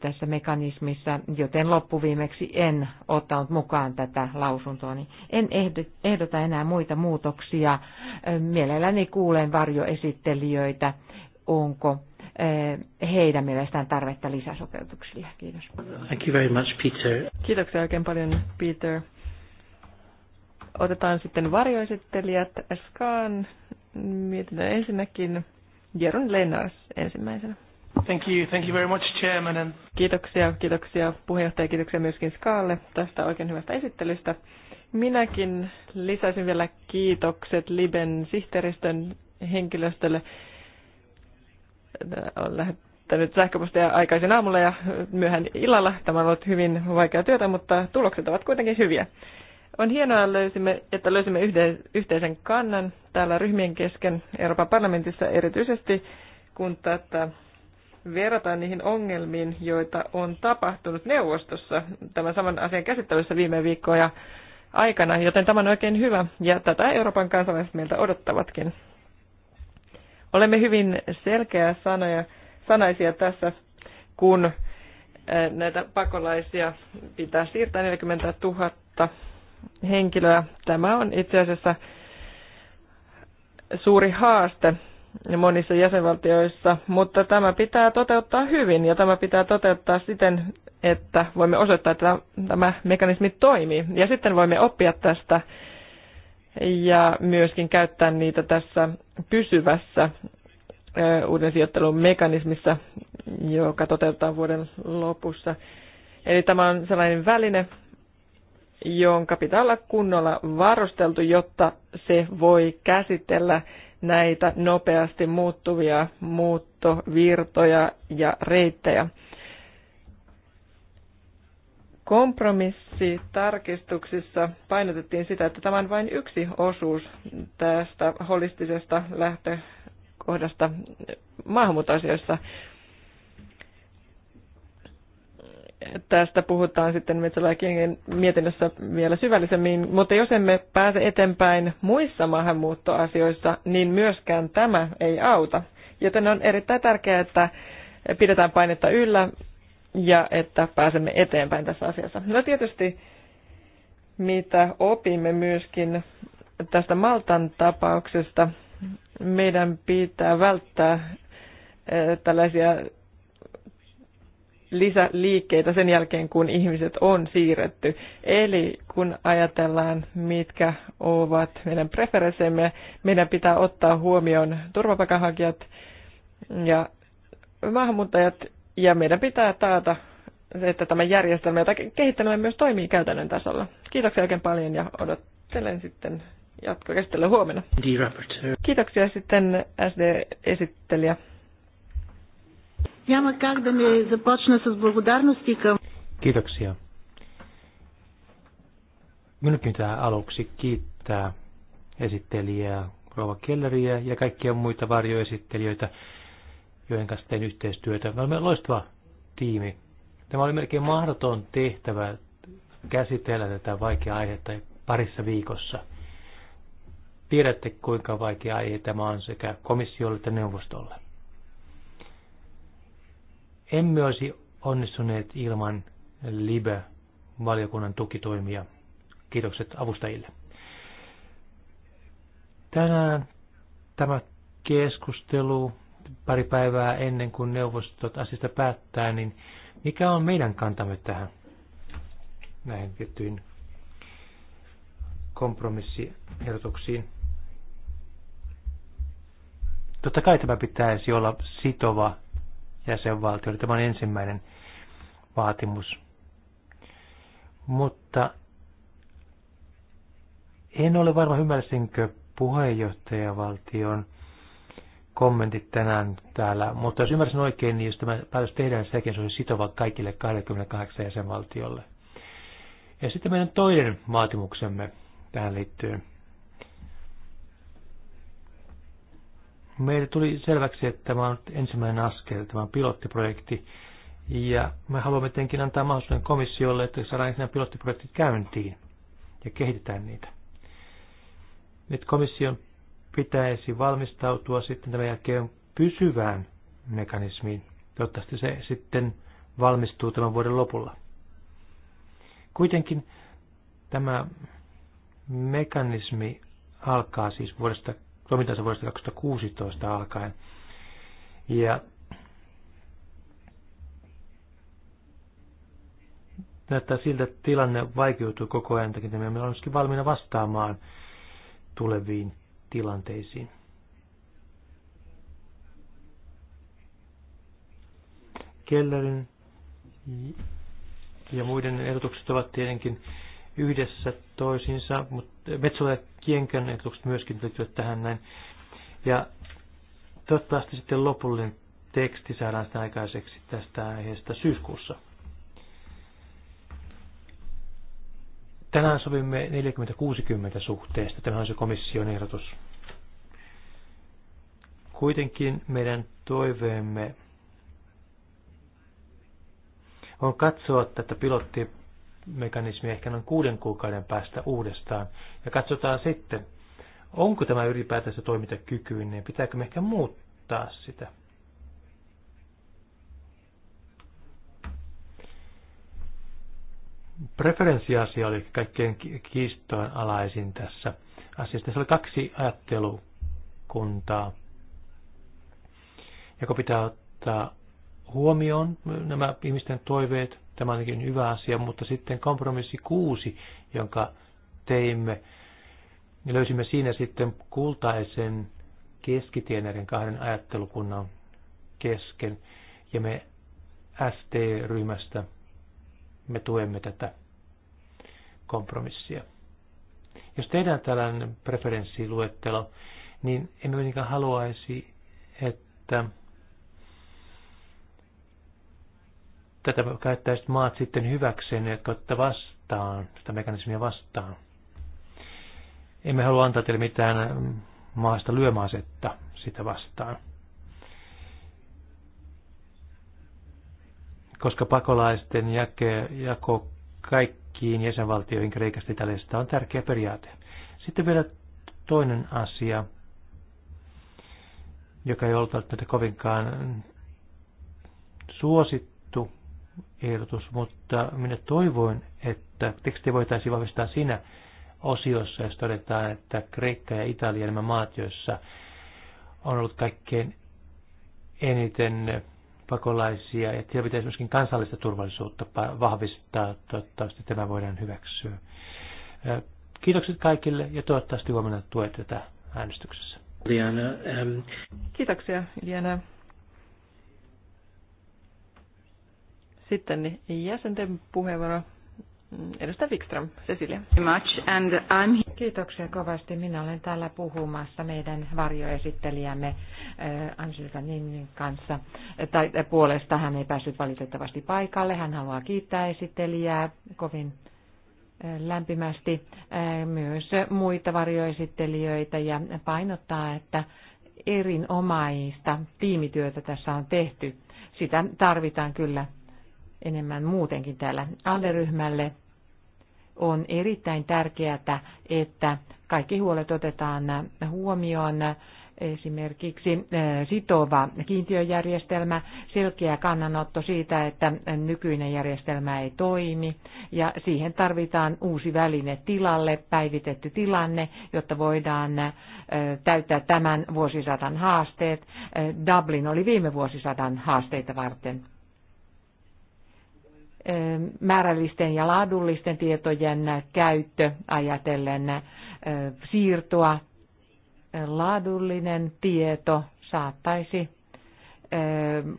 tässä mekanismissa, joten loppuviimeksi en ottanut mukaan tätä lausuntoa. Niin en ehdota enää muita muutoksia. Mielelläni kuulen varjoesittelijöitä onko eh, heidän mielestään tarvetta lisäsopeutuksille. Kiitos. Thank you very much, Peter. Kiitoksia oikein paljon, Peter. Otetaan sitten varjoesittelijät. Skaan mietitään ensinnäkin Jeron Lennars ensimmäisenä. Thank you, thank you very much, Chairman. And... Kiitoksia, kiitoksia puheenjohtaja, kiitoksia myöskin Skaalle tästä oikein hyvästä esittelystä. Minäkin lisäisin vielä kiitokset Liben sihteeristön henkilöstölle on lähettänyt sähköpostia aikaisin aamulla ja myöhään illalla. Tämä on ollut hyvin vaikea työtä, mutta tulokset ovat kuitenkin hyviä. On hienoa, että löysimme yhteisen kannan täällä ryhmien kesken Euroopan parlamentissa erityisesti, kun tätä verrataan niihin ongelmiin, joita on tapahtunut neuvostossa tämän saman asian käsittelyssä viime viikkoja aikana, joten tämä on oikein hyvä ja tätä Euroopan kansalaiset meiltä odottavatkin. Olemme hyvin selkeä sanoja, sanaisia tässä, kun äh, näitä pakolaisia pitää siirtää 40 000 henkilöä. Tämä on itse asiassa suuri haaste monissa jäsenvaltioissa, mutta tämä pitää toteuttaa hyvin ja tämä pitää toteuttaa siten, että voimme osoittaa, että tämä mekanismi toimii. Ja sitten voimme oppia tästä ja myöskin käyttää niitä tässä pysyvässä uuden sijoittelun mekanismissa, joka toteutetaan vuoden lopussa. Eli tämä on sellainen väline, jonka pitää olla kunnolla varusteltu, jotta se voi käsitellä näitä nopeasti muuttuvia muuttovirtoja ja reittejä. Kompromissitarkistuksissa painotettiin sitä, että tämä on vain yksi osuus tästä holistisesta lähtökohdasta maahanmuuttoasioissa. Tästä puhutaan sitten metsälaikien mietinnössä vielä syvällisemmin, mutta jos emme pääse eteenpäin muissa maahanmuuttoasioissa, niin myöskään tämä ei auta. Joten on erittäin tärkeää, että pidetään painetta yllä ja että pääsemme eteenpäin tässä asiassa. No tietysti, mitä opimme myöskin tästä Maltan tapauksesta, meidän pitää välttää eh, tällaisia lisäliikkeitä sen jälkeen, kun ihmiset on siirretty. Eli kun ajatellaan, mitkä ovat meidän preferenssemme, meidän pitää ottaa huomioon turvapaikanhakijat ja maahanmuuttajat ja meidän pitää taata, että tämä järjestelmä, jota kehittelemme, myös toimii käytännön tasolla. Kiitoksia oikein paljon ja odottelen sitten jatkokäsittelyä huomenna. Kiitoksia sitten SD-esittelijä. Kiitoksia. Minun pitää aluksi kiittää esittelijää Rova Kelleriä ja kaikkia muita varjoesittelijöitä joiden kanssa tein yhteistyötä. Me olemme loistava tiimi. Tämä oli melkein mahdoton tehtävä käsitellä tätä vaikeaa aihetta parissa viikossa. Tiedätte, kuinka vaikea aihe tämä on sekä komissiolle että neuvostolle. Emme olisi onnistuneet ilman LIBE-valiokunnan tukitoimia. Kiitokset avustajille. Tänään tämä keskustelu pari päivää ennen kuin neuvostot asiasta päättää, niin mikä on meidän kantamme tähän näihin tiettyihin kompromissiehdotuksiin? Totta kai tämä pitäisi olla sitova jäsenvaltio, tämä on ensimmäinen vaatimus. Mutta en ole varma ymmärsinkö puheenjohtajavaltion kommentit tänään täällä, mutta jos ymmärsin oikein, niin jos tämä päätös tehdään, niin sekin se olisi sitova kaikille 28 jäsenvaltiolle. Ja sitten meidän toinen vaatimuksemme tähän liittyen. Meille tuli selväksi, että tämä on ensimmäinen askel, tämä on pilottiprojekti, ja me haluamme tietenkin antaa mahdollisuuden komissiolle, että saadaan nämä pilottiprojektit käyntiin ja kehitetään niitä. Nyt komission pitäisi valmistautua sitten tämän jälkeen pysyvään mekanismiin. Toivottavasti se sitten valmistuu tämän vuoden lopulla. Kuitenkin tämä mekanismi alkaa siis vuodesta, toimintansa vuodesta 2016 alkaen. Ja näyttää siltä, että tilanne vaikeutuu koko ajan, että meillä on myöskin valmiina vastaamaan tuleviin tilanteisiin. Kellerin ja muiden ehdotukset ovat tietenkin yhdessä toisinsa, mutta Metsola ja Kienkän ehdotukset myöskin liittyvät tähän näin. Ja toivottavasti sitten lopullinen teksti saadaan sitten aikaiseksi tästä aiheesta syyskuussa. Tänään sovimme 40-60 suhteesta. Tämä on se komission ehdotus. Kuitenkin meidän toiveemme on katsoa tätä pilottimekanismia ehkä noin kuuden kuukauden päästä uudestaan. Ja katsotaan sitten, onko tämä ylipäätänsä toimintakykyinen, pitääkö me ehkä muuttaa sitä. preferenssiasia oli kaikkein alaisin tässä asiassa. Tässä oli kaksi ajattelukuntaa, joka pitää ottaa huomioon nämä ihmisten toiveet. Tämä on tietenkin hyvä asia, mutta sitten kompromissi kuusi, jonka teimme, niin löysimme siinä sitten kultaisen keskitieneiden kahden ajattelukunnan kesken. Ja me ST-ryhmästä me tuemme tätä kompromissia. Jos tehdään tällainen preferenssiluettelo, niin emme mitenkään haluaisi, että tätä käyttäisivät maat sitten hyväkseen, jotka ottaa vastaan, tätä mekanismia vastaan. Emme halua antaa teille mitään maasta lyömäasetta sitä vastaan. koska pakolaisten jake, jako kaikkiin jäsenvaltioihin Kreikasta Italiasta on tärkeä periaate. Sitten vielä toinen asia, joka ei ollut tätä kovinkaan suosittu ehdotus, mutta minä toivoin, että teksti voitaisiin vahvistaa siinä osiossa, jos todetaan, että Kreikka ja Italia nämä maat, joissa on ollut kaikkein eniten pakolaisia, ja siellä pitäisi myöskin kansallista turvallisuutta vahvistaa. Toivottavasti tämä voidaan hyväksyä. Kiitokset kaikille ja toivottavasti huomenna tuet tätä äänestyksessä. Liana, ähm. Kiitoksia, Liana. Sitten jäsenten puheenvuoro. Mm, edustaja Wikström, Cecilia. Much and I'm... Kiitoksia kovasti. Minä olen täällä puhumassa meidän varjoesittelijämme äh, Angelika Ninnin kanssa. Tai äh, puolesta hän ei päässyt valitettavasti paikalle. Hän haluaa kiittää esittelijää kovin äh, lämpimästi myös muita varjoesittelijöitä ja painottaa, että erinomaista tiimityötä tässä on tehty. Sitä tarvitaan kyllä enemmän muutenkin täällä alleryhmälle on erittäin tärkeää, että kaikki huolet otetaan huomioon. Esimerkiksi eh, sitova kiintiöjärjestelmä, selkeä kannanotto siitä, että nykyinen järjestelmä ei toimi ja siihen tarvitaan uusi väline tilalle, päivitetty tilanne, jotta voidaan eh, täyttää tämän vuosisadan haasteet. Eh, Dublin oli viime vuosisadan haasteita varten määrällisten ja laadullisten tietojen käyttö ajatellen siirtoa. Laadullinen tieto saattaisi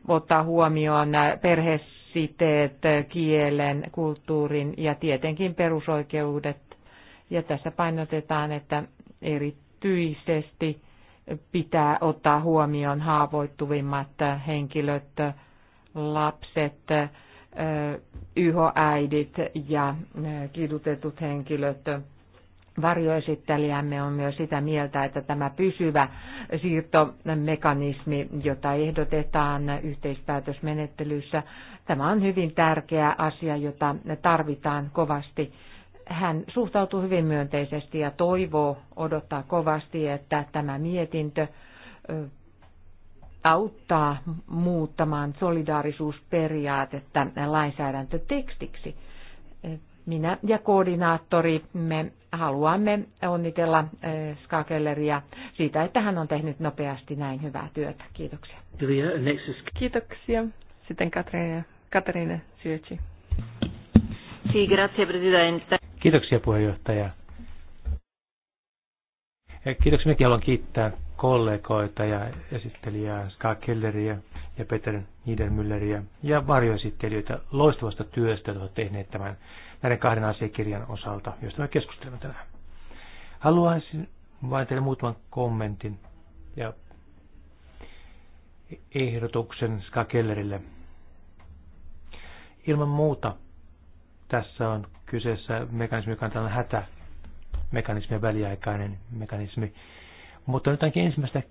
ottaa huomioon perhesiteet, kielen, kulttuurin ja tietenkin perusoikeudet. Ja tässä painotetaan, että erityisesti pitää ottaa huomioon haavoittuvimmat henkilöt, lapset, YH-äidit ja kidutetut henkilöt. Varjoesittelijämme on myös sitä mieltä, että tämä pysyvä siirtomekanismi, jota ehdotetaan yhteispäätösmenettelyssä, tämä on hyvin tärkeä asia, jota tarvitaan kovasti. Hän suhtautuu hyvin myönteisesti ja toivoo, odottaa kovasti, että tämä mietintö auttaa muuttamaan solidaarisuusperiaatetta lainsäädäntötekstiksi. Minä ja koordinaattori, me haluamme onnitella eh, Skakelleria siitä, että hän on tehnyt nopeasti näin hyvää työtä. Kiitoksia. Kiitoksia. Sitten Katriina, Katriina Syötsi. Kiitoksia puheenjohtaja. Eh, kiitoksia. Minäkin haluan kiittää kollegoita ja esittelijää Ska Kelleriä ja Peter Niedermülleriä ja varjoesittelijöitä loistavasta työstä, jota ovat tehneet tämän, näiden kahden asiakirjan osalta, joista me keskustelemme tänään. Haluaisin vain teille muutaman kommentin ja ehdotuksen Ska Kellerille. Ilman muuta tässä on kyseessä mekanismi, joka on hätämekanismi ja väliaikainen mekanismi mutta nyt ainakin ensimmäistä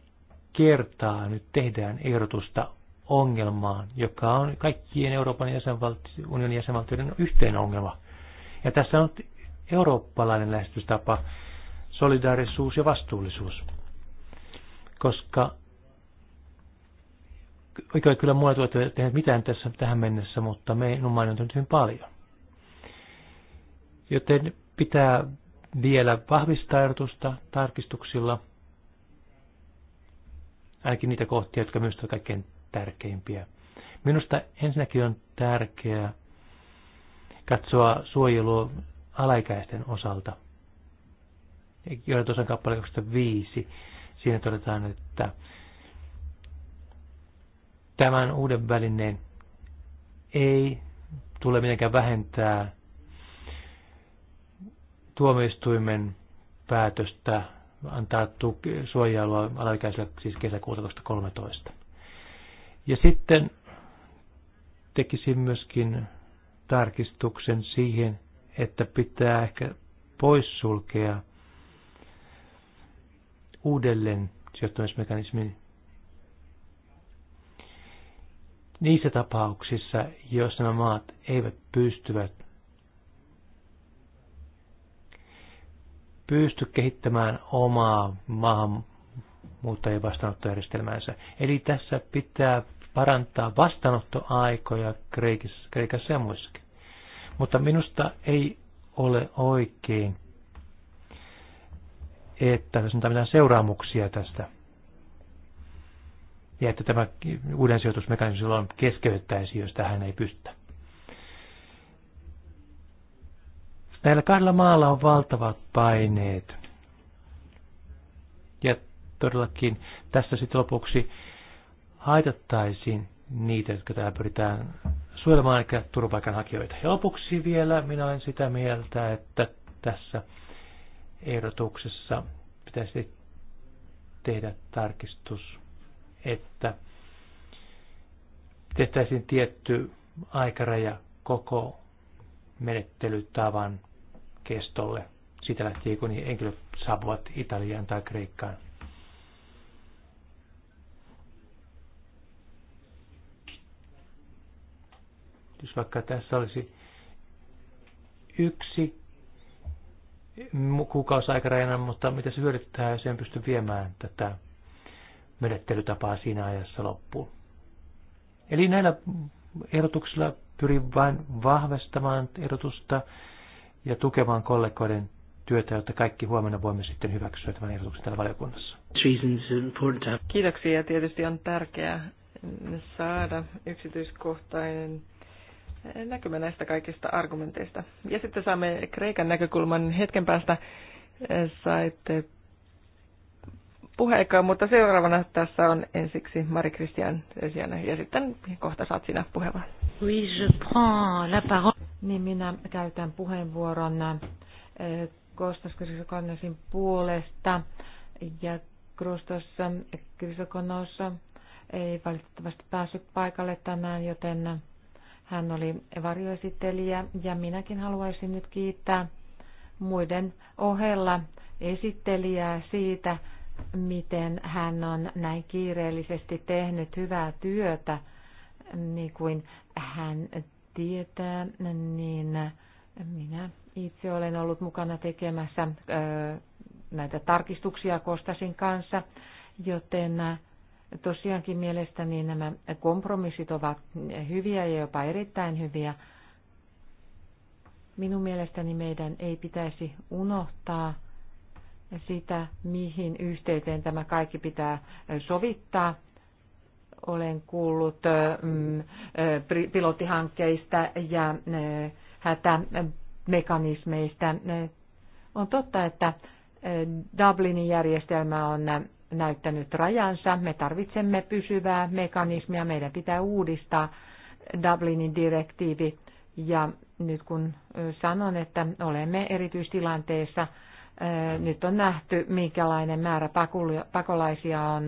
kertaa nyt tehdään ehdotusta ongelmaan, joka on kaikkien Euroopan unionin jäsenvaltioiden yhteinen ongelma. Ja tässä on eurooppalainen lähestystapa, solidaarisuus ja vastuullisuus. Koska oikein kyllä muualla ole tehnyt mitään tässä tähän mennessä, mutta me on mainittu hyvin paljon. Joten pitää vielä vahvistaa ehdotusta tarkistuksilla – ainakin niitä kohtia, jotka minusta ovat kaikkein tärkeimpiä. Minusta ensinnäkin on tärkeää katsoa suojelua alaikäisten osalta. Joo, tuossa on kappale 25. Siinä todetaan, että tämän uuden välineen ei tule mitenkään vähentää tuomioistuimen päätöstä antaa tuki, suojailua alaikäisille siis kesäkuuta 2013. Ja sitten tekisin myöskin tarkistuksen siihen, että pitää ehkä poissulkea uudelleen sijoittamismekanismin niissä tapauksissa, jos nämä maat eivät pystyvät pysty kehittämään omaa maahanmuuttajien vastaanottojärjestelmäänsä. Eli tässä pitää parantaa vastaanottoaikoja Kreikassa, Kreikassa ja muissakin. Mutta minusta ei ole oikein, että tässä on mitään seuraamuksia tästä. Ja että tämä uuden sijoitusmekanismi silloin keskeyttäisi, jos tähän ei pystytä. Näillä kahdella maalla on valtavat paineet. Ja todellakin tässä sitten lopuksi haitattaisiin niitä, jotka täällä pyritään suojelemaan, eli turvapaikanhakijoita. Ja lopuksi vielä minä olen sitä mieltä, että tässä ehdotuksessa pitäisi tehdä tarkistus, että tehtäisiin tietty aikaraja koko menettelytavan kestolle. Siitä lähtien, kun henkilöt saapuvat Italiaan tai Kreikkaan. Jos vaikka tässä olisi yksi kuukausaikarajana, mutta mitä se hyödyttää, jos en pysty viemään tätä menettelytapaa siinä ajassa loppuun. Eli näillä ehdotuksilla pyrin vain vahvistamaan erotusta ja tukemaan kollegoiden työtä, jotta kaikki huomenna voimme sitten hyväksyä tämän ehdotuksen täällä valiokunnassa. Kiitoksia. Tietysti on tärkeää saada yksityiskohtainen näkymä näistä kaikista argumenteista. Ja sitten saamme Kreikan näkökulman hetken päästä. Saitte puheaikaa, mutta seuraavana tässä on ensiksi Mari Christian ja sitten kohta saat sinä puheenvuoron. Oui, je prends la parole niin minä käytän puheenvuoron äh, Kostas Krisokonosin puolesta ja Krustos Krisokonos ei valitettavasti päässyt paikalle tänään, joten hän oli varjoesittelijä ja minäkin haluaisin nyt kiittää muiden ohella esittelijää siitä, miten hän on näin kiireellisesti tehnyt hyvää työtä, niin kuin hän tietää, niin minä itse olen ollut mukana tekemässä näitä tarkistuksia Kostasin kanssa, joten tosiaankin mielestäni nämä kompromissit ovat hyviä ja jopa erittäin hyviä. Minun mielestäni meidän ei pitäisi unohtaa sitä, mihin yhteyteen tämä kaikki pitää sovittaa. Olen kuullut mm, pilottihankkeista ja hätämekanismeista. On totta, että Dublinin järjestelmä on näyttänyt rajansa. Me tarvitsemme pysyvää mekanismia. Meidän pitää uudistaa Dublinin direktiivi. Ja nyt kun sanon, että olemme erityistilanteessa, nyt on nähty, minkälainen määrä pakolaisia on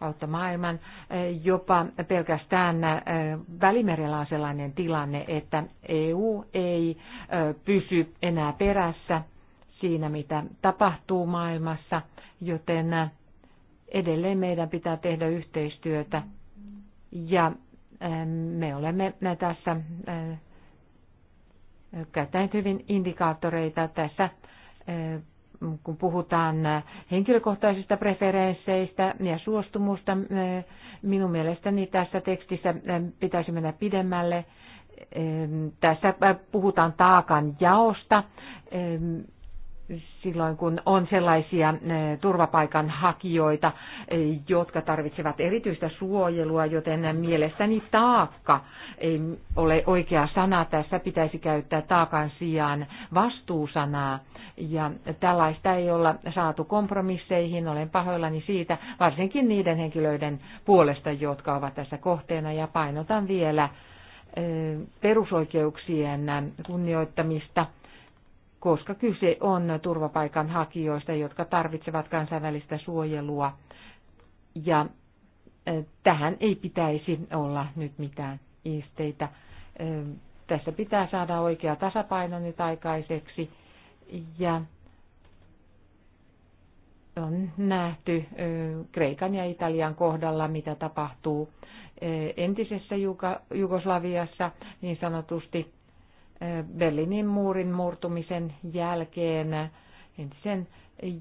kautta maailman. Jopa pelkästään Välimerellä on sellainen tilanne, että EU ei pysy enää perässä siinä, mitä tapahtuu maailmassa, joten edelleen meidän pitää tehdä yhteistyötä. Ja me olemme tässä käyttäen hyvin indikaattoreita tässä kun puhutaan henkilökohtaisista preferensseistä ja suostumusta, minun mielestäni tässä tekstissä pitäisi mennä pidemmälle. Tässä puhutaan taakan jaosta silloin, kun on sellaisia eh, turvapaikanhakijoita, eh, jotka tarvitsevat erityistä suojelua, joten mielestäni taakka ei ole oikea sana. Tässä pitäisi käyttää taakan sijaan vastuusanaa. Ja tällaista ei olla saatu kompromisseihin, olen pahoillani siitä, varsinkin niiden henkilöiden puolesta, jotka ovat tässä kohteena. Ja painotan vielä eh, perusoikeuksien kunnioittamista – koska kyse on turvapaikanhakijoista, jotka tarvitsevat kansainvälistä suojelua. Ja tähän ei pitäisi olla nyt mitään esteitä. Tässä pitää saada oikea tasapaino nyt aikaiseksi. Ja on nähty Kreikan ja Italian kohdalla, mitä tapahtuu entisessä Jugoslaviassa niin sanotusti Berliinin muurin murtumisen jälkeen entisen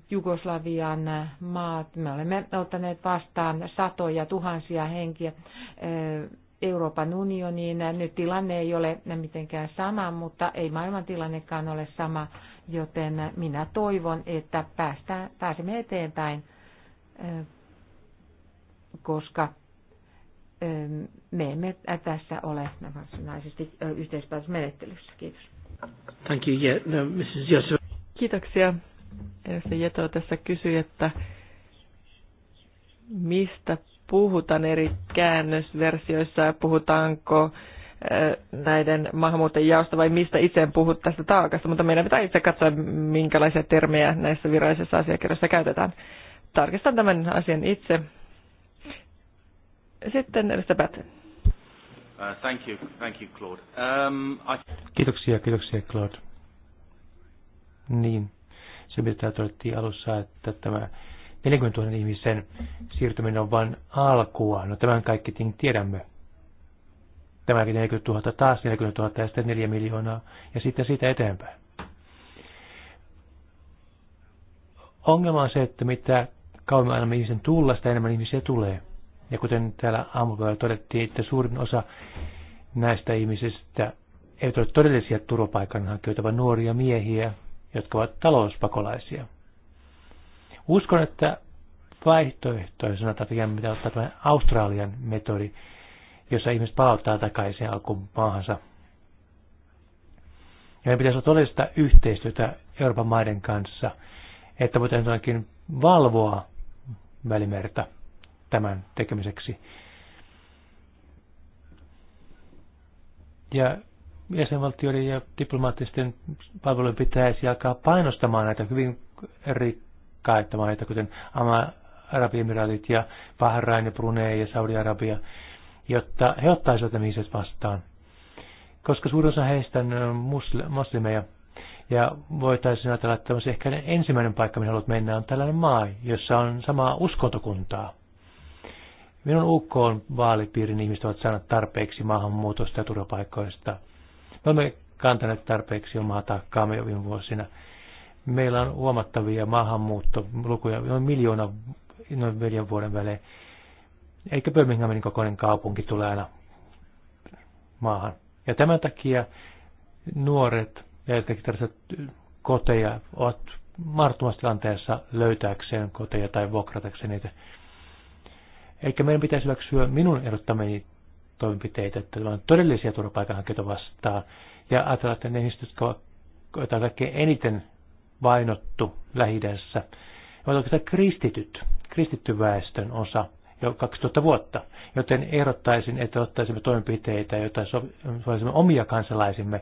Jugoslavian maat. Me olemme ottaneet vastaan satoja tuhansia henkiä eh, Euroopan unioniin. Nyt tilanne ei ole mitenkään sama, mutta ei maailman tilannekaan ole sama, joten minä toivon, että päästään, pääsemme eteenpäin, eh, koska me emme tässä ole varsinaisesti yhteispäätösmenettelyssä. Kiitos. Thank you. Yeah, no, Mrs. Yeto. Kiitoksia. Edustaja Jeto tässä kysyi, että mistä puhutaan eri käännösversioissa, puhutaanko näiden maahanmuuttajien jaosta vai mistä itse en puhu tästä taakasta, mutta meidän pitää itse katsoa, minkälaisia termejä näissä virallisissa asiakirjoissa käytetään. Tarkistan tämän asian itse sitten edustaja Batten. Uh, thank you, thank you, Claude. Um, I... Kiitoksia, kiitoksia, Claude. Niin, se mitä täällä todettiin alussa, että tämä 40 000 ihmisen siirtyminen on vain alkua. No tämän kaikki tiedämme. Tämäkin 40 000, taas 40 000 ja sitten 4 miljoonaa ja sitten siitä eteenpäin. Ongelma on se, että mitä kauemmin annamme ihmisen tulla, sitä enemmän ihmisiä tulee. Ja kuten täällä aamupäivällä todettiin, että suurin osa näistä ihmisistä eivät ole todellisia turvapaikanhakijoita, vaan nuoria miehiä, jotka ovat talouspakolaisia. Uskon, että vaihtoehtoisena takia mitä ottaa tämä Australian metodi, jossa ihmiset palauttaa takaisin maahansa. Ja meidän pitäisi olla todellista yhteistyötä Euroopan maiden kanssa, että voitaisiin valvoa välimerta tämän tekemiseksi. Ja jäsenvaltioiden ja diplomaattisten palvelujen pitäisi alkaa painostamaan näitä hyvin rikkaita maita, kuten Arabiemiraatit ja Bahrain ja Brunei ja Saudi-Arabia, jotta he ottaisivat ihmiset vastaan. Koska suurin osa heistä on muslimeja, ja voitaisiin ajatella, että ehkä ensimmäinen paikka, mihin haluat mennä, on tällainen maa, jossa on samaa uskontokuntaa. Minun UK on vaalipiirin ihmiset ovat saaneet tarpeeksi maahanmuutosta ja turvapaikoista. Me olemme kantaneet tarpeeksi omaa taakkaamme jo viime vuosina. Meillä on huomattavia maahanmuuttolukuja, noin miljoona noin neljän vuoden välein. Eikä Birminghamin kokoinen kaupunki tule aina maahan. Ja tämän takia nuoret ja tällaiset koteja ovat mahdottomasti tilanteessa löytääkseen koteja tai vuokratakseen niitä eikä meidän pitäisi hyväksyä minun erottamani toimenpiteitä, että on todellisia turvapaikanhakijoita vastaan. Ja ajatellaan, että ne ihmiset, jotka ovat kaikkein eniten vainottu lähi ovat oikeastaan kristityt, kristitty väestön osa jo 2000 vuotta. Joten ehdottaisin, että ottaisimme toimenpiteitä, joita olisimme omia kansalaisimme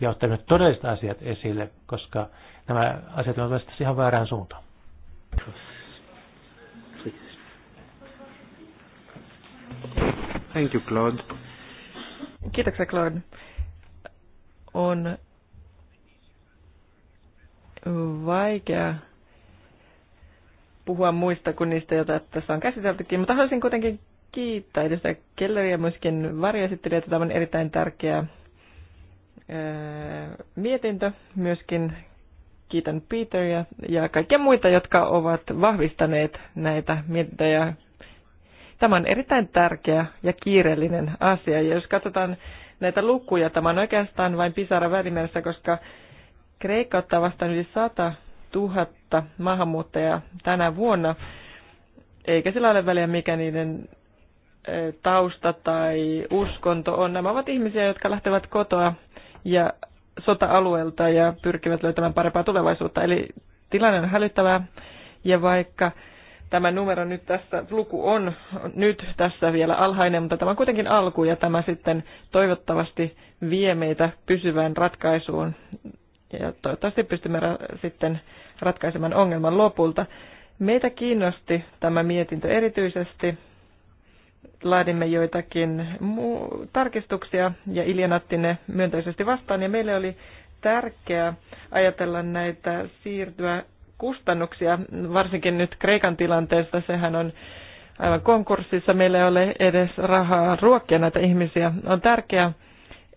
ja ottaisimme todelliset asiat esille, koska nämä asiat ovat vasta ihan väärään suuntaan. Thank you, Claude. Kiitoksia, Claude. On vaikea puhua muista kuin niistä, joita tässä on käsiteltykin, mutta haluaisin kuitenkin kiittää edustaja Kelleriä myöskin varjoesittelijä, että tämä on erittäin tärkeä mietintö. Myöskin kiitän Peteria ja kaikkia muita, jotka ovat vahvistaneet näitä mietintöjä Tämä on erittäin tärkeä ja kiireellinen asia. Ja jos katsotaan näitä lukuja, tämä on oikeastaan vain pisara välimeressä, koska Kreikka ottaa vastaan yli 100 000 maahanmuuttajaa tänä vuonna, eikä sillä ole väliä, mikä niiden tausta tai uskonto on. Nämä ovat ihmisiä, jotka lähtevät kotoa ja sota-alueelta ja pyrkivät löytämään parempaa tulevaisuutta. Eli tilanne on hälyttävää ja vaikka Tämä numero nyt tässä, luku on nyt tässä vielä alhainen, mutta tämä on kuitenkin alku ja tämä sitten toivottavasti vie meitä pysyvään ratkaisuun ja toivottavasti pystymme ra- sitten ratkaisemaan ongelman lopulta. Meitä kiinnosti tämä mietintö erityisesti. Laadimme joitakin muu- tarkistuksia ja Iljanatti ne myönteisesti vastaan ja meille oli tärkeää ajatella näitä siirtyä kustannuksia, varsinkin nyt Kreikan tilanteessa, sehän on aivan konkurssissa, meillä ei ole edes rahaa ruokkia näitä ihmisiä. On tärkeää,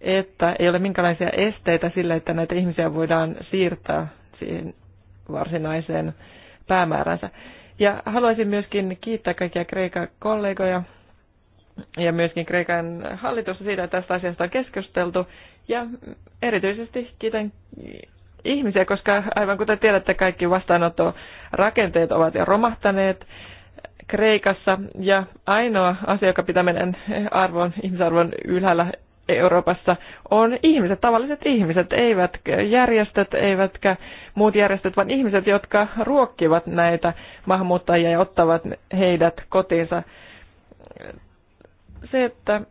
että ei ole minkälaisia esteitä sille, että näitä ihmisiä voidaan siirtää siihen varsinaiseen päämääränsä. Ja haluaisin myöskin kiittää kaikkia Kreikan kollegoja ja myöskin Kreikan hallitusta siitä, että tästä asiasta on keskusteltu. Ja erityisesti kiitän ihmisiä, koska aivan kuten tiedätte, kaikki vastaanottorakenteet ovat jo romahtaneet Kreikassa. Ja ainoa asia, joka pitää mennä arvon, ihmisarvon ylhäällä Euroopassa on ihmiset, tavalliset ihmiset, eivät järjestöt, eivätkä muut järjestöt, vaan ihmiset, jotka ruokkivat näitä maahanmuuttajia ja ottavat heidät kotiinsa. Se, että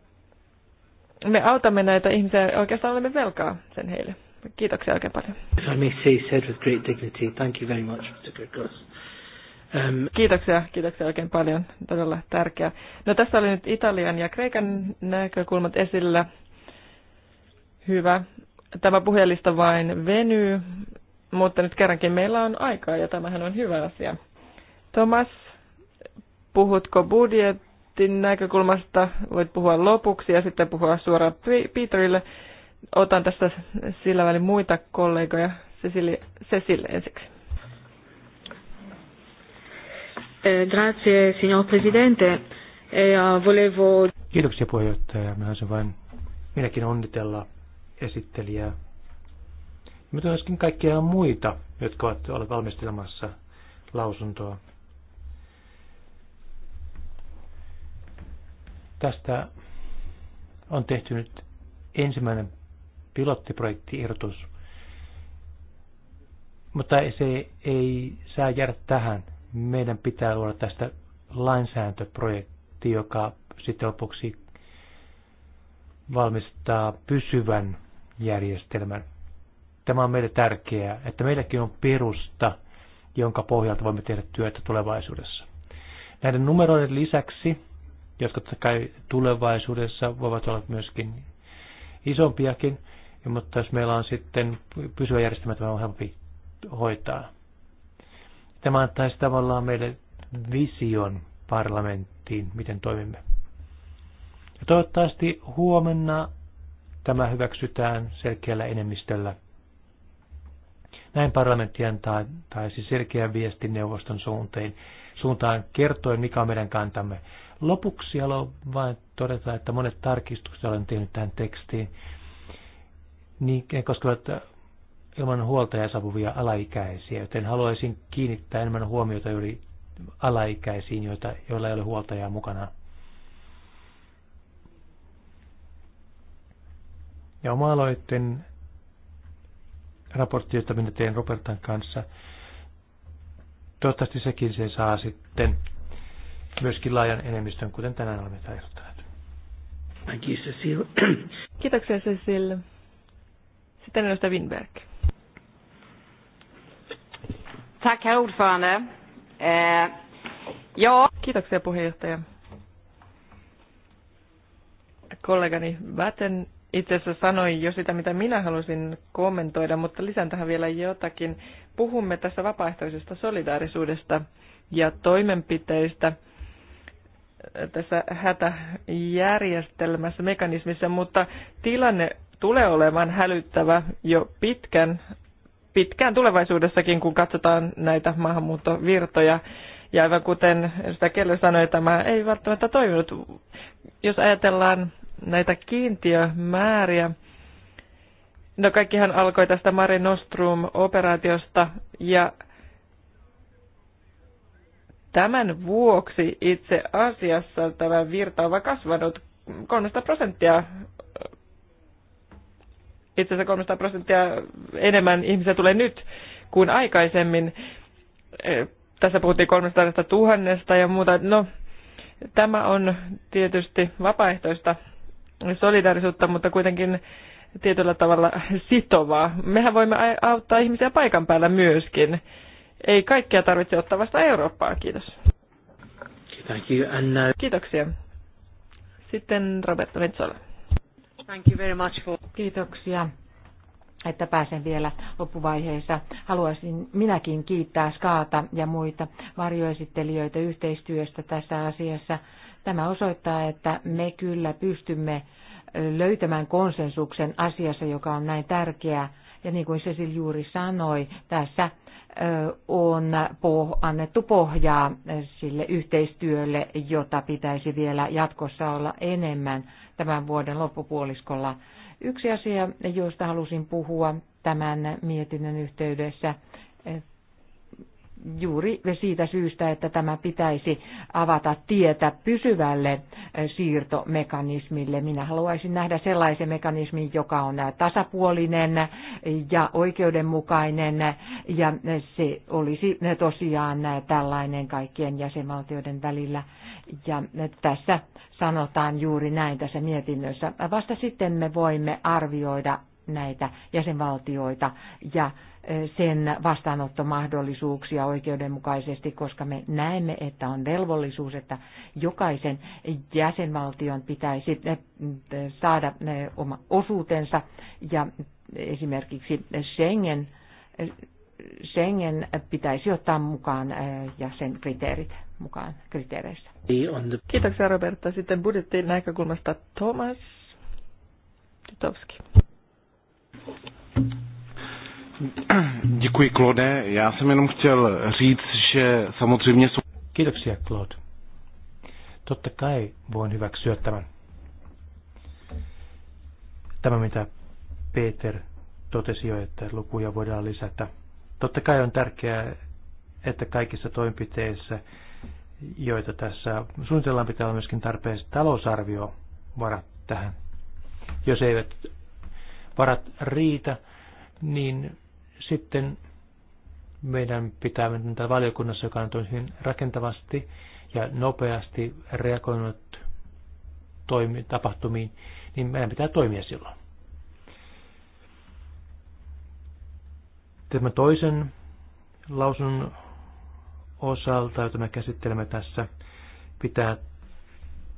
me autamme näitä ihmisiä, oikeastaan olemme velkaa sen heille. Kiitoksia oikein paljon. If I may say, said with great dignity, thank you very much, um, kiitoksia, kiitoksia oikein paljon. Todella tärkeää. No tässä oli nyt Italian ja Kreikan näkökulmat esillä. Hyvä. Tämä puhelista vain venyy, mutta nyt kerrankin meillä on aikaa ja tämähän on hyvä asia. Tomas, puhutko budjetin näkökulmasta? Voit puhua lopuksi ja sitten puhua suoraan Peterille otan tässä sillä välin muita kollegoja. Cecilia, Cecilia ensiksi. Eh, grazie, signor Presidente. Eh, volevo... Kiitoksia puheenjohtaja. Mä haluaisin vain minäkin onnitella esittelijää. Mutta myöskin kaikkia muita, jotka ovat olleet valmistelemassa lausuntoa. Tästä on tehty nyt ensimmäinen pilottiprojektiehdotus. Mutta se ei saa jäädä tähän. Meidän pitää luoda tästä lainsääntöprojekti, joka sitten lopuksi valmistaa pysyvän järjestelmän. Tämä on meille tärkeää, että meilläkin on perusta, jonka pohjalta voimme tehdä työtä tulevaisuudessa. Näiden numeroiden lisäksi, jotka kai tulevaisuudessa voivat olla myöskin isompiakin, ja, mutta jos meillä on sitten pysyvä järjestelmä, tämä on helpompi hoitaa. Tämä antaisi siis tavallaan meille vision parlamenttiin, miten toimimme. Ja toivottavasti huomenna tämä hyväksytään selkeällä enemmistöllä. Näin parlamentti antaa tai siis selkeän viestin neuvoston suuntiin, suuntaan kertoen, mikä on meidän kantamme. Lopuksi haluan vain todeta, että monet tarkistukset olen tehnyt tähän tekstiin, niin ne koskevat ilman huoltajaa saapuvia alaikäisiä, joten haluaisin kiinnittää enemmän huomiota juuri alaikäisiin, joita, joilla ei ole huoltajaa mukana. Ja oma aloitteen raportti, jota minä teen Robertan kanssa, toivottavasti sekin se saa sitten myöskin laajan enemmistön, kuten tänään olemme ehdottaneet. Kiitoksia Cecil. Kiitoksia Cecil. Sitten edustaja Winberg. Tack, herr ordförande. Eh, ja. Kiitoksia puheenjohtaja. Kollegani Väten itse asiassa sanoi jo sitä, mitä minä halusin kommentoida, mutta lisään tähän vielä jotakin. Puhumme tässä vapaaehtoisesta solidaarisuudesta ja toimenpiteistä tässä hätäjärjestelmässä, mekanismissa, mutta tilanne tulee olemaan hälyttävä jo pitkän, pitkään tulevaisuudessakin, kun katsotaan näitä maahanmuuttovirtoja. Ja aivan kuten sitä Kelle sanoi, tämä ei välttämättä toiminut. Jos ajatellaan näitä kiintiömääriä, no kaikkihan alkoi tästä Mare Nostrum-operaatiosta ja tämän vuoksi itse asiassa tämä virta on kasvanut 3 prosenttia itse asiassa 300 prosenttia enemmän ihmisiä tulee nyt kuin aikaisemmin. Eh, tässä puhuttiin 300 000 ja muuta. No, tämä on tietysti vapaaehtoista solidaarisuutta, mutta kuitenkin tietyllä tavalla sitovaa. Mehän voimme auttaa ihmisiä paikan päällä myöskin. Ei kaikkia tarvitse ottaa vasta Eurooppaa. Kiitos. Kiitoksia. Sitten Roberto Metsola. Thank you very much for... Kiitoksia että pääsen vielä loppuvaiheessa. Haluaisin minäkin kiittää Skaata ja muita varjoesittelijöitä yhteistyöstä tässä asiassa. Tämä osoittaa, että me kyllä pystymme löytämään konsensuksen asiassa, joka on näin tärkeä. Ja niin kuin Cecil juuri sanoi, tässä on annettu pohjaa sille yhteistyölle, jota pitäisi vielä jatkossa olla enemmän tämän vuoden loppupuoliskolla. Yksi asia, josta halusin puhua tämän mietinnön yhteydessä, juuri siitä syystä, että tämä pitäisi avata tietä pysyvälle eh, siirtomekanismille. Minä haluaisin nähdä sellaisen mekanismin, joka on eh, tasapuolinen eh, ja oikeudenmukainen ja se olisi tosiaan tällainen kaikkien jäsenvaltioiden välillä. Ja tässä sanotaan juuri näin tässä mietinnössä. Vasta sitten me voimme arvioida näitä jäsenvaltioita ja sen vastaanottomahdollisuuksia oikeudenmukaisesti, koska me näemme, että on velvollisuus, että jokaisen jäsenvaltion pitäisi eh, saada eh, oma osuutensa ja esimerkiksi Schengen, eh, Schengen pitäisi ottaa mukaan ja sen kriteerit mukaan kriteereissä. Kiitoksia Roberta. Sitten budjettiin näkökulmasta Thomas Tytowski. Děkuji, Claude. Já jsem jenom chtěl říct, že samozřejmě jsou... Kiitoksia, Claude. Totta kai voin hyväksyä tämän. Tämä, mitä Peter totesi jo, että lukuja voidaan lisätä. Totta kai on tärkeää, että kaikissa toimenpiteissä, joita tässä suunnitellaan, pitää olla myöskin tarpeeksi talousarvio varat tähän. Jos eivät varat riitä, niin sitten meidän pitää mennä tätä valiokunnassa, joka on hyvin rakentavasti ja nopeasti reagoinut toimi, tapahtumiin, niin meidän pitää toimia silloin. Tämän toisen lausun osalta, jota me käsittelemme tässä, pitää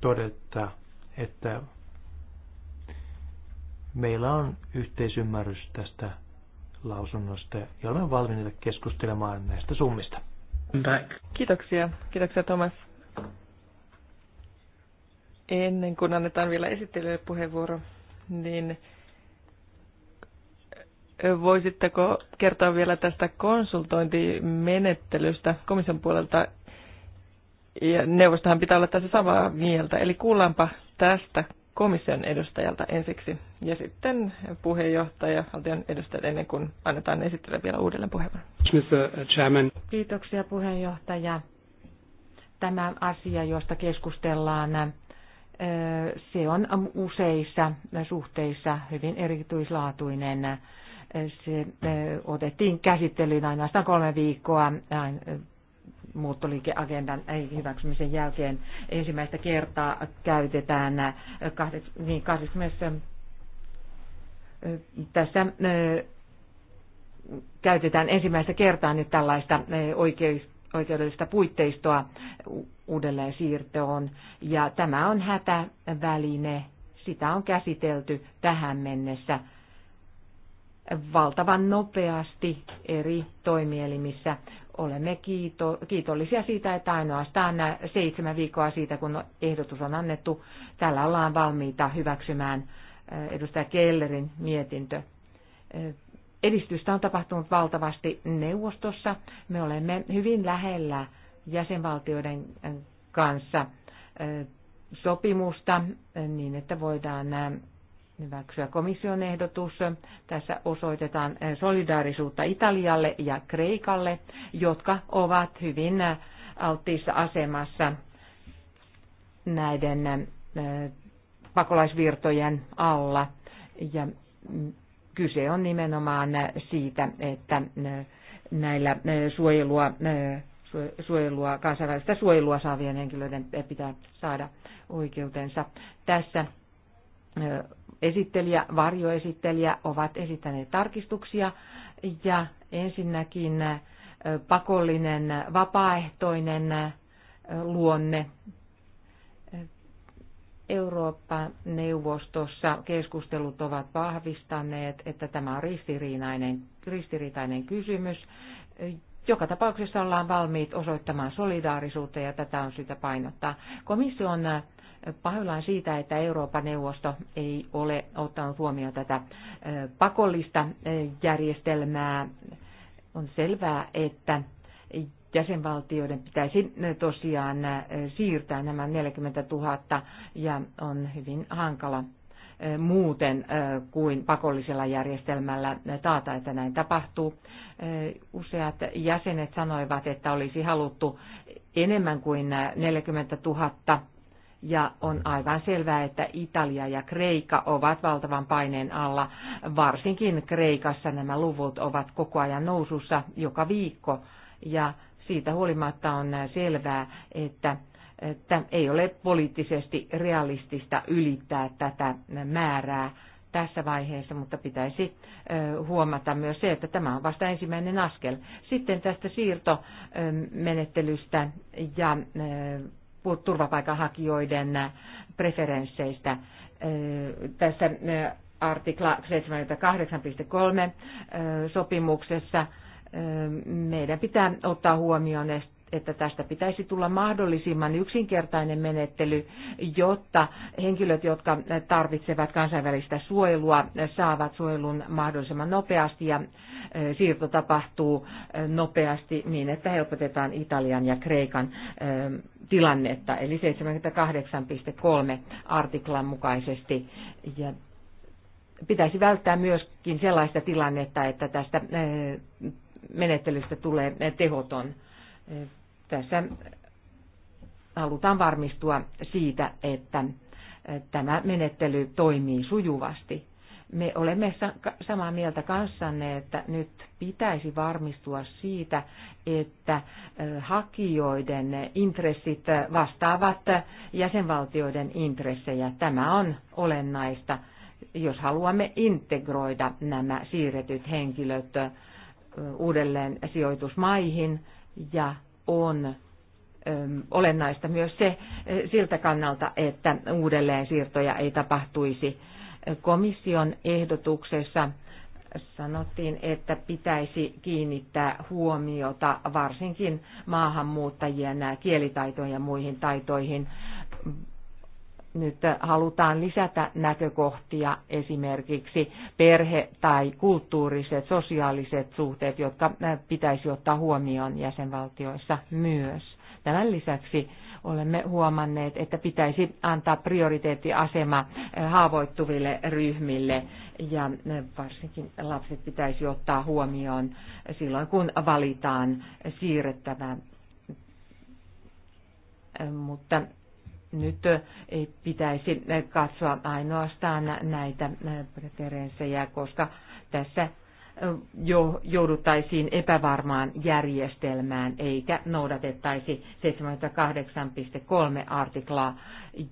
todeta, että meillä on yhteisymmärrys tästä lausunnosta ja olemme valmiita keskustelemaan näistä summista. Back. Kiitoksia. Kiitoksia Thomas. Ennen kuin annetaan vielä esittelijälle puheenvuoro, niin voisitteko kertoa vielä tästä konsultointimenettelystä komission puolelta? Ja neuvostohan pitää olla tässä samaa mieltä, eli kuullaanpa tästä komission edustajalta ensiksi. Ja sitten puheenjohtaja, valtion edustajat, ennen kuin annetaan esittelyä vielä uudelleen puheenvuoron. Uh, Chairman. Kiitoksia puheenjohtaja. Tämä asia, josta keskustellaan, uh, se on useissa suhteissa hyvin erityislaatuinen. Uh, se otettiin käsittelyyn ainoastaan kolme viikkoa muuttoliikeagendan hyväksymisen jälkeen ensimmäistä kertaa käytetään 20. Tässä käytetään ensimmäistä kertaa nyt tällaista oikeudellista puitteistoa uudelleen siirtoon. Ja tämä on hätäväline. Sitä on käsitelty tähän mennessä valtavan nopeasti eri toimielimissä. Olemme kiito, kiitollisia siitä, että ainoastaan seitsemän viikkoa siitä, kun ehdotus on annettu, tällä ollaan valmiita hyväksymään edustaja Kellerin mietintö. Edistystä on tapahtunut valtavasti neuvostossa. Me olemme hyvin lähellä jäsenvaltioiden äh, kanssa äh, sopimusta äh, niin, että voidaan hyväksyä komission ehdotus. Tässä osoitetaan solidaarisuutta Italialle ja Kreikalle, jotka ovat hyvin alttiissa asemassa näiden pakolaisvirtojen alla. Ja kyse on nimenomaan siitä, että näillä suojelua, suojelua, kansainvälistä suojelua saavien henkilöiden pitää saada oikeutensa. Tässä esittelijä, varjoesittelijä ovat esittäneet tarkistuksia ja ensinnäkin pakollinen vapaaehtoinen luonne Eurooppa-neuvostossa keskustelut ovat vahvistaneet, että tämä on ristiriitainen, ristiriitainen kysymys. Joka tapauksessa ollaan valmiit osoittamaan solidaarisuutta ja tätä on syytä painottaa. Komissio on äh, pahoillaan siitä, että Euroopan neuvosto ei ole ottanut huomioon tätä äh, pakollista äh, järjestelmää. On selvää, että jäsenvaltioiden pitäisi tosiaan siirtää nämä 40 000 ja on hyvin hankala muuten kuin pakollisella järjestelmällä taata, että näin tapahtuu. Useat jäsenet sanoivat, että olisi haluttu enemmän kuin 40 000 ja on aivan selvää, että Italia ja Kreikka ovat valtavan paineen alla. Varsinkin Kreikassa nämä luvut ovat koko ajan nousussa joka viikko ja siitä huolimatta on selvää, että että ei ole poliittisesti realistista ylittää tätä määrää tässä vaiheessa, mutta pitäisi huomata myös se, että tämä on vasta ensimmäinen askel. Sitten tästä siirtomenettelystä ja turvapaikanhakijoiden preferensseistä. Tässä artikla 78.3 sopimuksessa meidän pitää ottaa huomioon, että tästä pitäisi tulla mahdollisimman yksinkertainen menettely, jotta henkilöt, jotka tarvitsevat kansainvälistä suojelua, saavat suojelun mahdollisimman nopeasti ja siirto tapahtuu nopeasti niin, että helpotetaan Italian ja Kreikan tilannetta, eli 78.3 artiklan mukaisesti. Ja pitäisi välttää myöskin sellaista tilannetta, että tästä menettelystä tulee tehoton. Tässä halutaan varmistua siitä, että tämä menettely toimii sujuvasti. Me olemme samaa mieltä kanssanne, että nyt pitäisi varmistua siitä, että hakijoiden intressit vastaavat jäsenvaltioiden intressejä. Tämä on olennaista, jos haluamme integroida nämä siirretyt henkilöt uudelleen sijoitusmaihin ja on olennaista myös se siltä kannalta, että uudelleen siirtoja ei tapahtuisi. Komission ehdotuksessa sanottiin, että pitäisi kiinnittää huomiota varsinkin maahanmuuttajien kielitaitoihin ja muihin taitoihin nyt halutaan lisätä näkökohtia, esimerkiksi perhe- tai kulttuuriset, sosiaaliset suhteet, jotka pitäisi ottaa huomioon jäsenvaltioissa myös. Tämän lisäksi olemme huomanneet, että pitäisi antaa prioriteettiasema haavoittuville ryhmille ja varsinkin lapset pitäisi ottaa huomioon silloin, kun valitaan siirrettävä. Mutta nyt ei pitäisi katsoa ainoastaan näitä preferenssejä, koska tässä jo jouduttaisiin epävarmaan järjestelmään eikä noudatettaisi 78.3 artiklaa,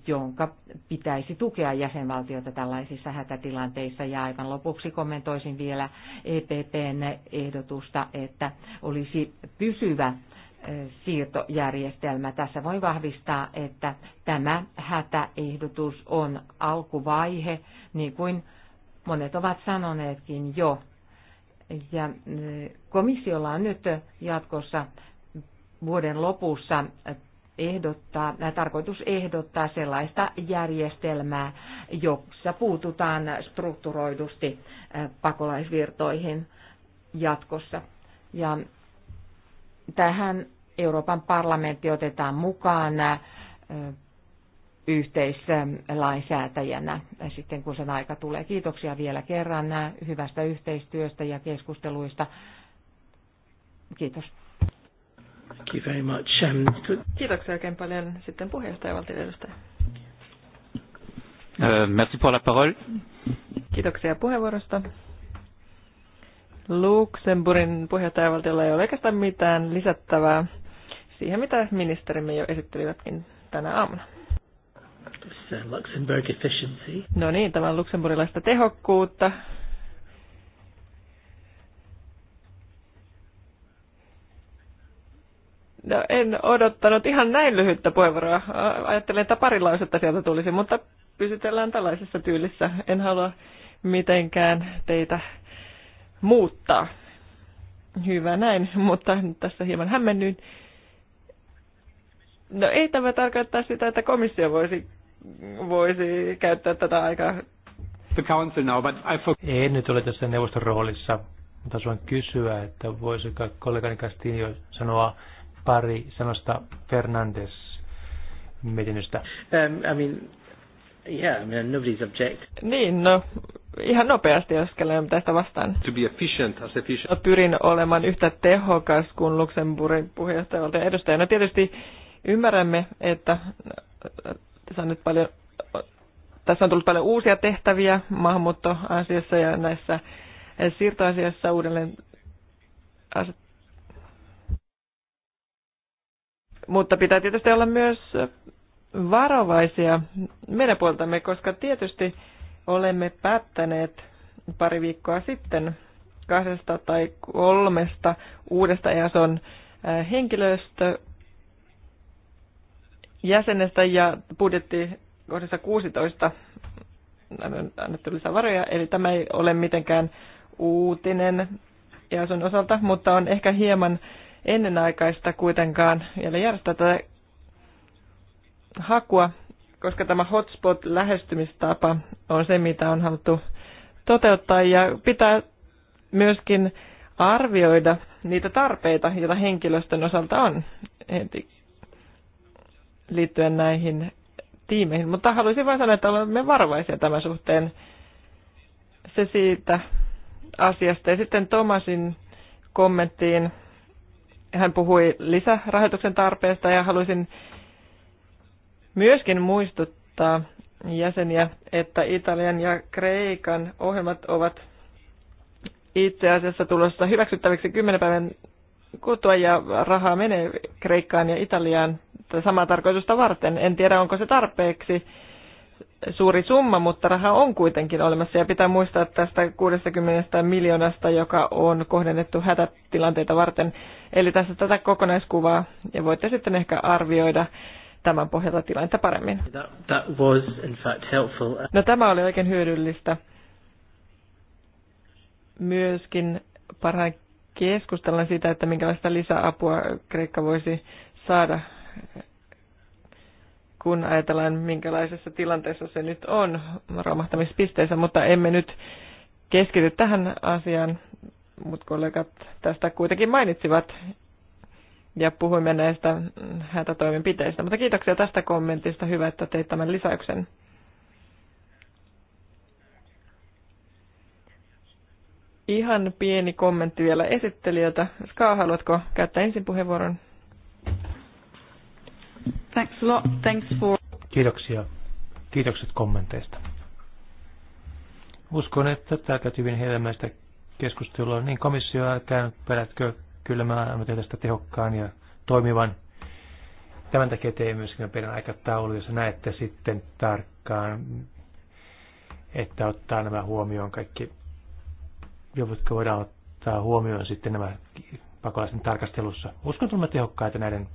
jonka pitäisi tukea jäsenvaltiota tällaisissa hätätilanteissa. Ja aivan lopuksi kommentoisin vielä EPPn ehdotusta, että olisi pysyvä siirtojärjestelmä. Tässä voi vahvistaa, että tämä hätäehdotus on alkuvaihe, niin kuin monet ovat sanoneetkin jo. Ja eh, komissiolla on nyt jatkossa vuoden lopussa ehdottaa, eh, tarkoitus ehdottaa sellaista järjestelmää, jossa puututaan strukturoidusti eh, pakolaisvirtoihin jatkossa. Ja Tähän Euroopan parlamentti otetaan mukaan yhteislainsäätäjänä sitten, kun sen aika tulee. Kiitoksia vielä kerran hyvästä yhteistyöstä ja keskusteluista. Kiitos. Thank you very much. Um, Kiitoksia oikein paljon. Sitten puheenjohtaja valtioedustaja. Euh, merci pour la parole. Kiitoksia puheenvuorosta. Luxemburgin puheenjohtajavaltiolla ei ole oikeastaan mitään lisättävää siihen, mitä ministerimme jo esittelivätkin tänä aamuna. Luxemburg efficiency. No niin, tämä on luxemburilaista tehokkuutta. No, en odottanut ihan näin lyhyttä puheenvuoroa. Ajattelin, että pari lausetta sieltä tulisi, mutta pysytellään tällaisessa tyylissä. En halua mitenkään teitä muuttaa. Hyvä näin, mutta tässä hieman hämmennyin. No ei tämä tarkoittaa sitä, että komissio voisi, voisi käyttää tätä aikaa. The council now, but I for... Ei nyt ole tässä neuvoston roolissa, mutta haluan kysyä, että voisiko kollegani Castillo sanoa pari sanosta Fernandes mietinnöstä. Um, I mean, yeah, I mean, nobody's object. Niin, no, ihan nopeasti, jos kellään tästä vastaan. To be efficient, as efficient. Pyrin olemaan yhtä tehokas kuin Luxemburgin puheenjohtajavaltion No Tietysti ymmärrämme, että äh, tässä on nyt paljon äh, tässä on tullut paljon uusia tehtäviä maahanmuuttoasiassa ja näissä äh, siirtoasiassa uudelleen Mutta pitää tietysti olla myös varovaisia meidän puoltamme, koska tietysti olemme päättäneet pari viikkoa sitten kahdesta tai kolmesta uudesta EASON äh, henkilöstö jäsenestä ja budjetti kohdassa 16 annettu lisävaroja, eli tämä ei ole mitenkään uutinen EASON osalta, mutta on ehkä hieman ennenaikaista kuitenkaan vielä järjestää tätä hakua koska tämä hotspot-lähestymistapa on se, mitä on haluttu toteuttaa ja pitää myöskin arvioida niitä tarpeita, joita henkilöstön osalta on heti liittyen näihin tiimeihin. Mutta haluaisin vain sanoa, että olemme varovaisia tämän suhteen. Se siitä asiasta. Ja sitten Tomasin kommenttiin. Hän puhui lisärahoituksen tarpeesta ja haluaisin myöskin muistuttaa jäseniä, että Italian ja Kreikan ohjelmat ovat itse asiassa tulossa hyväksyttäväksi kymmenen päivän kuluttua ja rahaa menee Kreikkaan ja Italiaan samaa tarkoitusta varten. En tiedä, onko se tarpeeksi suuri summa, mutta raha on kuitenkin olemassa. Ja pitää muistaa tästä 60 miljoonasta, joka on kohdennettu hätätilanteita varten. Eli tässä tätä kokonaiskuvaa, ja voitte sitten ehkä arvioida, tämän pohjalta tilannetta paremmin. No tämä oli oikein hyödyllistä. Myöskin parhaan keskustellaan siitä, että minkälaista lisäapua Kreikka voisi saada, kun ajatellaan minkälaisessa tilanteessa se nyt on romahtamispisteessä, mutta emme nyt keskity tähän asiaan, mutta kollegat tästä kuitenkin mainitsivat ja puhuimme näistä hätätoimenpiteistä. Mutta kiitoksia tästä kommentista. Hyvä, että teit tämän lisäyksen. Ihan pieni kommentti vielä esittelijältä. Ska, haluatko käyttää ensin puheenvuoron? Thanks a lot. Thanks for... Kiitoksia. Kiitokset kommenteista. Uskon, että tämä käytiin hyvin hedelmäistä keskustelua. Niin komissio, älkää perätkö Kyllä mä annan tästä tehokkaan ja toimivan. Tämän takia teen myöskin meidän aikataulu, jossa näette sitten tarkkaan, että ottaa nämä huomioon kaikki, jotka voidaan ottaa huomioon sitten nämä pakolaisten tarkastelussa. Uskon, että olemme tehokkaita näiden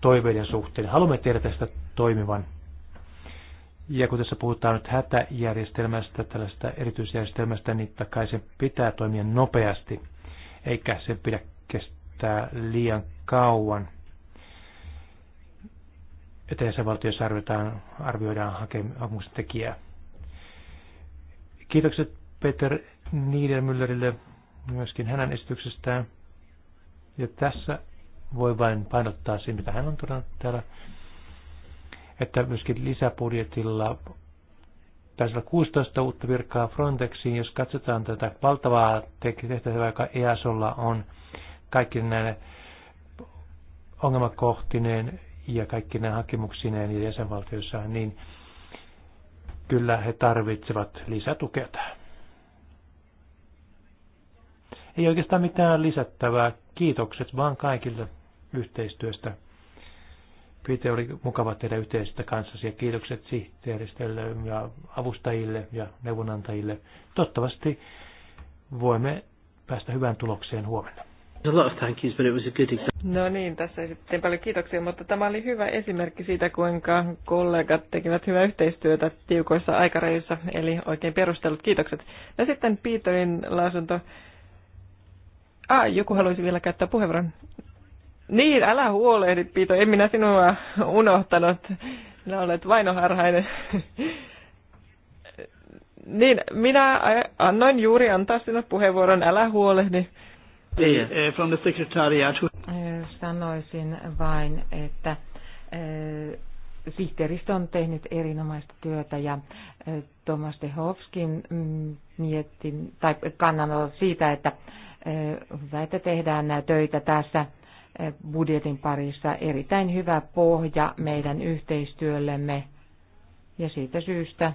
toiveiden suhteen. Haluamme tehdä tästä toimivan. Ja kun tässä puhutaan nyt hätäjärjestelmästä, tällaista erityisjärjestelmästä, niin takaisin pitää toimia nopeasti, eikä sen pidä kestää liian kauan. Että valtiossa arvioidaan, arvioidaan hakemuksen tekijää. Kiitokset Peter Niedermüllerille myöskin hänen esityksestään. Ja tässä voi vain painottaa siinä, mitä hän on todennut täällä, että myöskin lisäbudjetilla taisi olla 16 uutta virkaa Frontexiin, jos katsotaan tätä valtavaa tehtävää, joka EASolla on, kaikki näille ongelmakohtineen ja kaikki nämä hakemuksineen ja jäsenvaltioissaan, niin kyllä he tarvitsevat lisätukea tähän. Ei oikeastaan mitään lisättävää. Kiitokset vaan kaikille yhteistyöstä. Pite oli mukava tehdä yhteistyötä kanssasi ja kiitokset sihteeristölle ja avustajille ja neuvonantajille. Toivottavasti voimme päästä hyvään tulokseen huomenna. No niin, tässä esitettiin paljon kiitoksia, mutta tämä oli hyvä esimerkki siitä, kuinka kollegat tekivät hyvää yhteistyötä tiukoissa aikarajoissa, eli oikein perustellut kiitokset. Ja sitten Peterin lausunto. Ah, joku haluaisi vielä käyttää puheenvuoron. Niin, älä huolehdi, Piito, en minä sinua unohtanut. Sinä olet vainoharhainen. niin, minä annoin juuri antaa sinut puheenvuoron, älä huolehdi. Niin. Eh, eh, from the secretariat. Eh, sanoisin vain, että sihteeristö on tehnyt erinomaista työtä ja Thomas Dehovskin mietti, mm, tai kannanotot siitä, että hyvä, että tehdään töitä tässä budjetin parissa. Erittäin hyvä pohja meidän yhteistyöllemme ja siitä syystä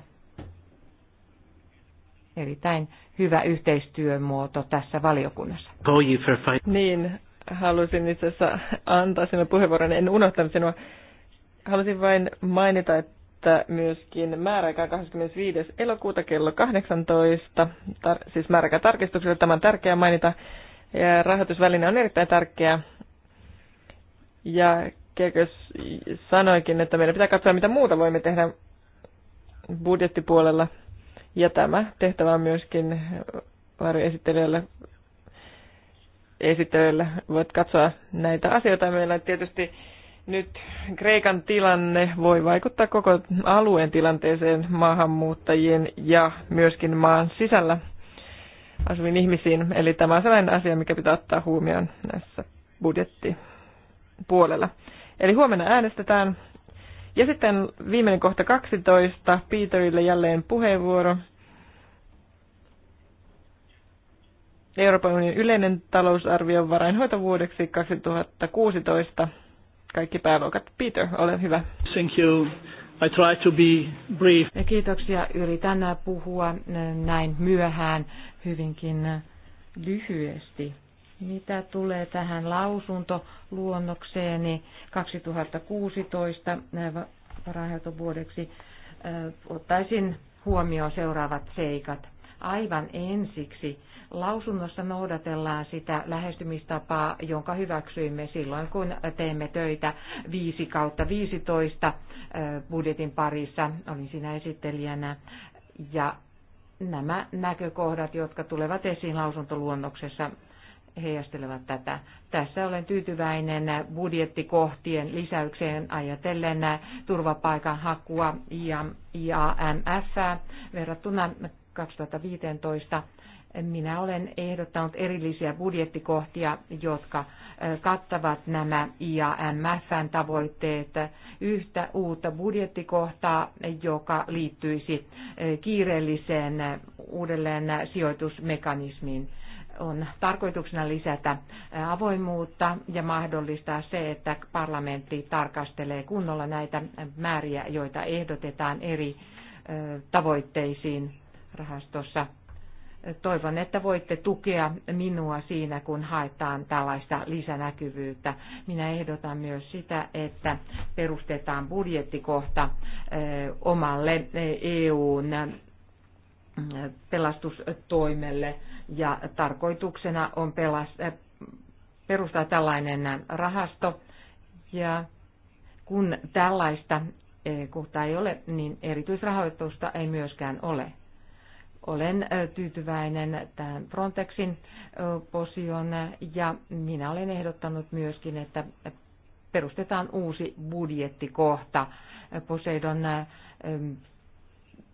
erittäin hyvä yhteistyömuoto tässä valiokunnassa. Niin, halusin itse asiassa antaa sinulle puheenvuoron. En unohtanut sinua. Halusin vain mainita, että myöskin määräaika 25. elokuuta kello 18, tar- siis määräaika tarkistuksella tämä on tärkeää mainita. Ja rahoitusväline on erittäin tärkeä. Ja Kekös sanoikin, että meidän pitää katsoa, mitä muuta voimme tehdä budjettipuolella – ja tämä tehtävä on myöskin varjoesittelijöille esittelijälle. voit katsoa näitä asioita. Meillä tietysti nyt Kreikan tilanne voi vaikuttaa koko alueen tilanteeseen maahanmuuttajien ja myöskin maan sisällä asuviin ihmisiin. Eli tämä on sellainen asia, mikä pitää ottaa huomioon näissä budjettipuolella. Eli huomenna äänestetään ja sitten viimeinen kohta 12, Peterille jälleen puheenvuoro. Euroopan unionin yleinen talousarvio varainhoitovuodeksi 2016. Kaikki pääluokat. Peter, ole hyvä. Thank you. I try to be brief. Kiitoksia. Yritän puhua näin myöhään hyvinkin lyhyesti. Mitä tulee tähän lausuntoluonnokseen, niin 2016 vuodeksi, ottaisin huomioon seuraavat seikat. Aivan ensiksi lausunnossa noudatellaan sitä lähestymistapaa, jonka hyväksyimme silloin, kun teemme töitä 5 kautta 15 budjetin parissa. Olin siinä esittelijänä. Ja nämä näkökohdat, jotka tulevat esiin lausuntoluonnoksessa, heijastelevat tätä. Tässä olen tyytyväinen budjettikohtien lisäykseen ajatellen turvapaikan hakua ja IAMF verrattuna 2015. Minä olen ehdottanut erillisiä budjettikohtia, jotka kattavat nämä IAMFn tavoitteet yhtä uutta budjettikohtaa, joka liittyisi kiireelliseen uudelleen sijoitusmekanismiin on tarkoituksena lisätä avoimuutta ja mahdollistaa se, että parlamentti tarkastelee kunnolla näitä määriä, joita ehdotetaan eri tavoitteisiin rahastossa. Toivon, että voitte tukea minua siinä, kun haetaan tällaista lisänäkyvyyttä. Minä ehdotan myös sitä, että perustetaan budjettikohta omalle EUn pelastustoimelle ja tarkoituksena on pelast- äh, perustaa tällainen rahasto ja kun tällaista eh, kohtaa ei ole, niin erityisrahoitusta ei myöskään ole. Olen äh, tyytyväinen tämän Frontexin posion ja minä olen ehdottanut myöskin, että perustetaan uusi budjettikohta Poseidon äh,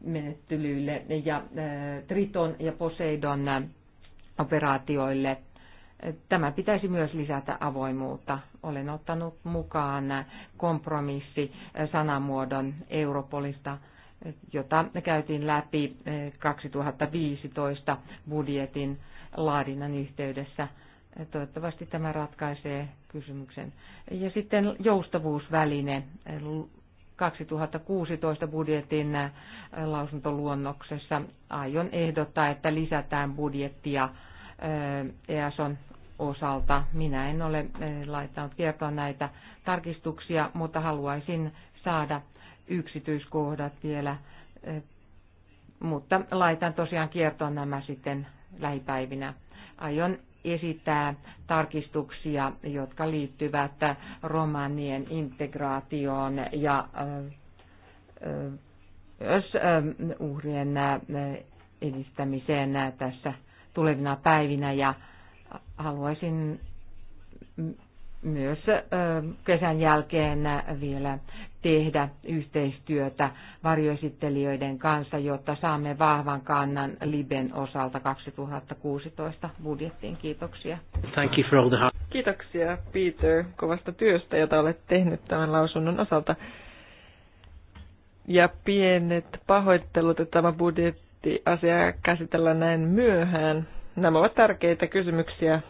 menettelyille ja Triton ja Poseidon operaatioille. Tämä pitäisi myös lisätä avoimuutta. Olen ottanut mukaan kompromissi sanamuodon Europolista, jota käytiin läpi 2015 budjetin laadinnan yhteydessä. Toivottavasti tämä ratkaisee kysymyksen. Ja sitten joustavuusväline 2016 budjetin äh, lausuntoluonnoksessa aion ehdottaa, että lisätään budjettia äh, EASON osalta. Minä en ole äh, laittanut kertoa näitä tarkistuksia, mutta haluaisin saada yksityiskohdat vielä, mutta laitan tosiaan kiertoon nämä sitten lähipäivinä. Aion esittää tarkistuksia, jotka liittyvät romanien integraatioon ja myös uhrien edistämiseen tässä tulevina päivinä ja haluaisin myös kesän jälkeen vielä tehdä yhteistyötä varjoesittelijöiden kanssa, jotta saamme vahvan kannan Liben osalta 2016 budjettiin. Kiitoksia. Thank you for all the... Kiitoksia Peter kovasta työstä, jota olet tehnyt tämän lausunnon osalta. Ja pienet pahoittelut, että tämä budjettiasia käsitellään näin myöhään. Nämä ovat tärkeitä kysymyksiä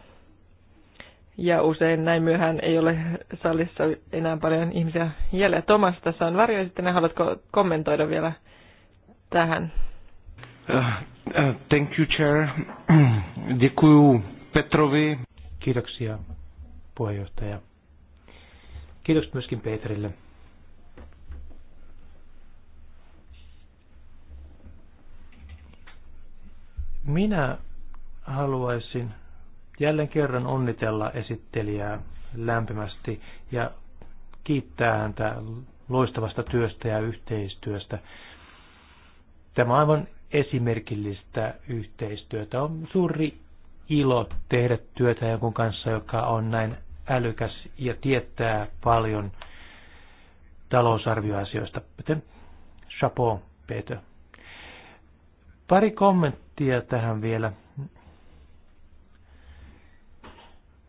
ja usein näin myöhään ei ole salissa enää paljon ihmisiä jäljellä. Tomas, tässä on varjo, sitten haluatko kommentoida vielä tähän? Uh, uh, thank you, Chair. Dikuju Petrovi. Kiitoksia, puheenjohtaja. Kiitos myöskin Petrille. Minä haluaisin jälleen kerran onnitella esittelijää lämpimästi ja kiittää häntä loistavasta työstä ja yhteistyöstä. Tämä on aivan esimerkillistä yhteistyötä. On suuri ilo tehdä työtä jonkun kanssa, joka on näin älykäs ja tietää paljon talousarvioasioista. Joten chapeau, Peter. Pari kommenttia tähän vielä.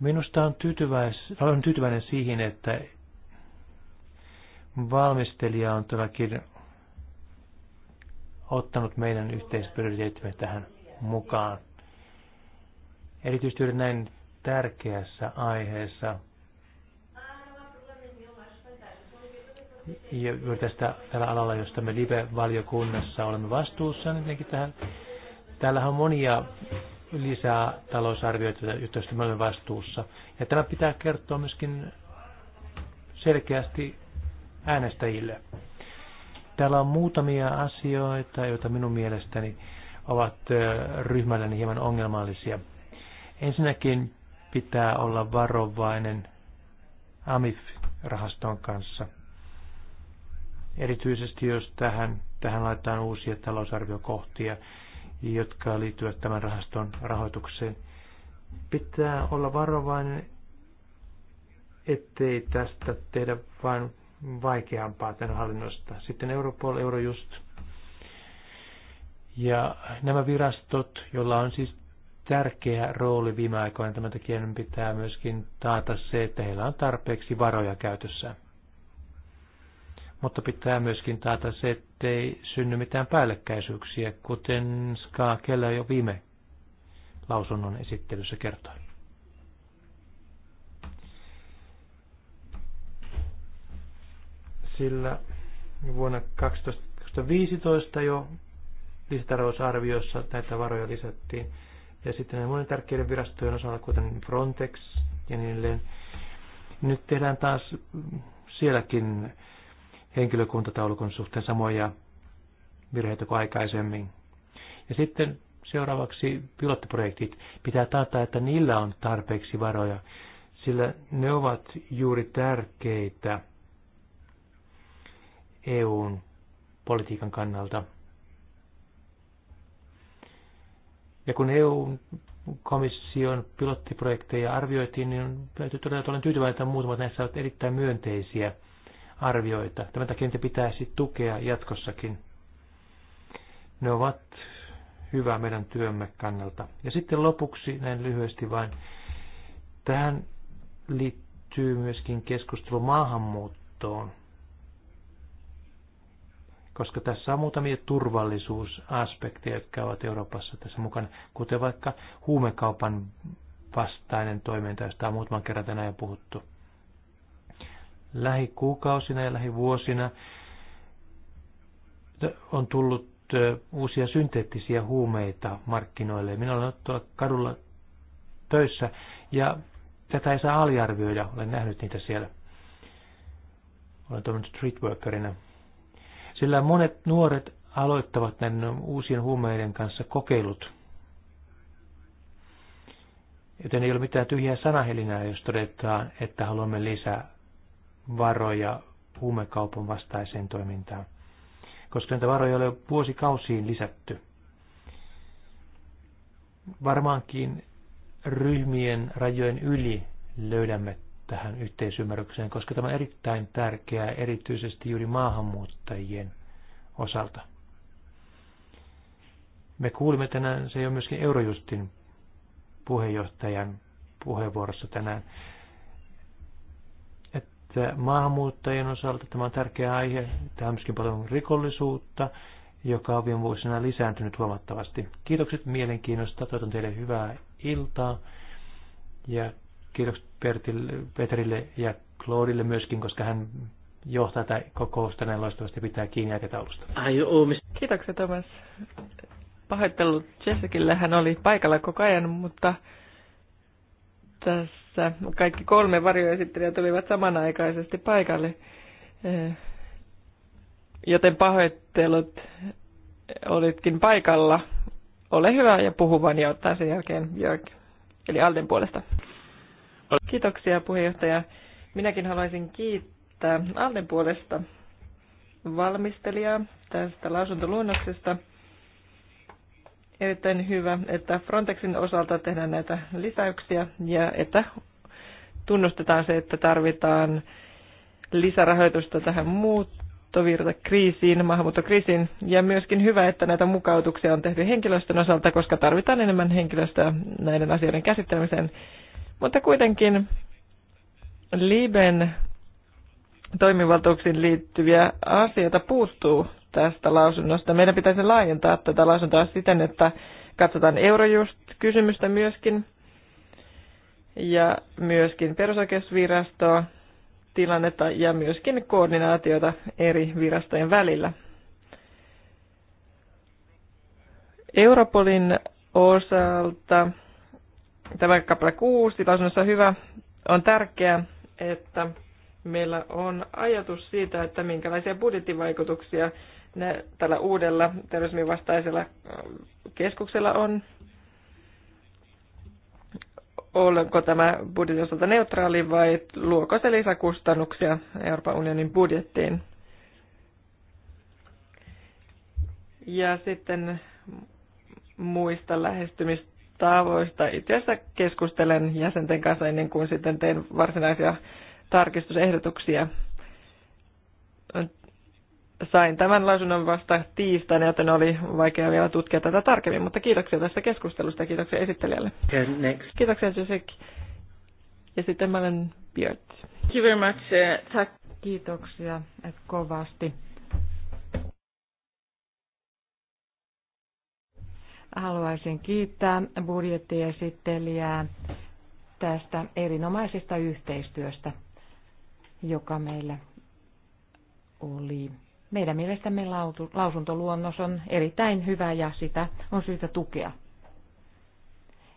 Minusta on tyytyväis, olen tyytyväinen siihen, että valmistelija on todellakin ottanut meidän yhteisprioriteettimme tähän mukaan. Erityisesti näin tärkeässä aiheessa. Ja tästä tällä alalla, josta me live-valiokunnassa olemme vastuussa, niin tähän. Täällähän on monia lisää talousarvioita, joista me olemme vastuussa. Ja tämä pitää kertoa myöskin selkeästi äänestäjille. Täällä on muutamia asioita, joita minun mielestäni ovat ryhmälleni hieman ongelmallisia. Ensinnäkin pitää olla varovainen AMIF-rahaston kanssa. Erityisesti jos tähän, tähän laitetaan uusia talousarviokohtia, jotka liittyvät tämän rahaston rahoitukseen. Pitää olla varovainen, ettei tästä tehdä vain vaikeampaa tämän hallinnosta. Sitten Europol, Eurojust ja nämä virastot, joilla on siis tärkeä rooli viime aikoina, tämän takia pitää myöskin taata se, että heillä on tarpeeksi varoja käytössä mutta pitää myöskin taata se, ettei synny mitään päällekkäisyyksiä, kuten Ska Kellä jo viime lausunnon esittelyssä kertoi. Sillä vuonna 2015 jo lisätalousarviossa näitä varoja lisättiin. Ja sitten monen tärkeiden virastojen osalla, kuten Frontex ja niin edelleen. Nyt tehdään taas sielläkin henkilökuntataulukon suhteen samoja virheitä kuin aikaisemmin. Ja sitten seuraavaksi pilottiprojektit. Pitää taata, että niillä on tarpeeksi varoja, sillä ne ovat juuri tärkeitä EUn politiikan kannalta. Ja kun EU-komission pilottiprojekteja arvioitiin, niin täytyy todeta, että olen tyytyväinen, että muutamat näissä ovat erittäin myönteisiä – arvioita. Tämän takia niitä pitäisi tukea jatkossakin. Ne ovat hyvä meidän työmme kannalta. Ja sitten lopuksi, näin lyhyesti vain, tähän liittyy myöskin keskustelu maahanmuuttoon, koska tässä on muutamia turvallisuusaspekteja, jotka ovat Euroopassa tässä mukana, kuten vaikka huumekaupan vastainen toiminta, josta on muutaman kerran tänään jo puhuttu lähikuukausina ja lähivuosina on tullut uusia synteettisiä huumeita markkinoille. Minä olen tuolla kadulla töissä ja tätä ei saa aliarvioida. Olen nähnyt niitä siellä. Olen toiminut streetworkerina. Sillä monet nuoret aloittavat näiden uusien huumeiden kanssa kokeilut. Joten ei ole mitään tyhjää sanahelinää, jos todetaan, että haluamme lisää varoja huumekaupan vastaiseen toimintaan, koska näitä varoja oli jo vuosikausiin lisätty. Varmaankin ryhmien rajojen yli löydämme tähän yhteisymmärrykseen, koska tämä on erittäin tärkeää erityisesti juuri maahanmuuttajien osalta. Me kuulimme tänään, se on myöskin Eurojustin puheenjohtajan puheenvuorossa tänään, että maahanmuuttajien osalta tämä on tärkeä aihe. Tämä on myöskin paljon rikollisuutta, joka on viime vuosina lisääntynyt huomattavasti. Kiitokset mielenkiinnosta, toivotan teille hyvää iltaa ja kiitokset Pertille, Petrille ja Claudille myöskin, koska hän johtaa tätä kokousta näin loistavasti pitää kiinni aikataulusta. Kiitoksia Thomas. Pahoittelut Jessikille, hän oli paikalla koko ajan, mutta tässä tässä kaikki kolme varjoesittelijää tulivat samanaikaisesti paikalle. Eh, joten pahoittelut olitkin paikalla. Ole hyvä ja puhu vaan ja ottaa sen jälkeen Björk, eli Alden puolesta. Kiitoksia puheenjohtaja. Minäkin haluaisin kiittää Alden puolesta valmistelijaa tästä lausuntoluonnoksesta – erittäin hyvä, että Frontexin osalta tehdään näitä lisäyksiä ja että tunnustetaan se, että tarvitaan lisärahoitusta tähän muuttovirtakriisiin, maahanmuuttokriisiin. Ja myöskin hyvä, että näitä mukautuksia on tehty henkilöstön osalta, koska tarvitaan enemmän henkilöstöä näiden asioiden käsittelemiseen. Mutta kuitenkin Liben toimivaltuuksiin liittyviä asioita puuttuu tästä lausunnosta. Meidän pitäisi laajentaa tätä lausuntoa siten, että katsotaan Eurojust-kysymystä myöskin ja myöskin perusoikeusvirastoa tilannetta ja myöskin koordinaatiota eri virastojen välillä. Europolin osalta tämä kappale 6 lausunnossa hyvä on tärkeää, että meillä on ajatus siitä, että minkälaisia budjettivaikutuksia ne, tällä uudella terrorismin vastaisella äh, keskuksella on? Onko tämä budjetin osalta neutraali vai luoko se lisäkustannuksia Euroopan unionin budjettiin? Ja sitten muista lähestymistavoista. Itse asiassa keskustelen jäsenten kanssa ennen kuin sitten teen varsinaisia tarkistusehdotuksia sain tämän lausunnon vasta tiistaina, joten oli vaikea vielä tutkia tätä tarkemmin, mutta kiitoksia tästä keskustelusta ja kiitoksia esittelijälle. Next. Kiitoksia Josek. Ja sitten mä olen Björk. Thank you very much. Uh, Tack. Kiitoksia kovasti. Haluaisin kiittää budjettiesittelijää tästä erinomaisesta yhteistyöstä, joka meillä oli meidän mielestämme lausuntoluonnos on erittäin hyvä ja sitä on syytä tukea.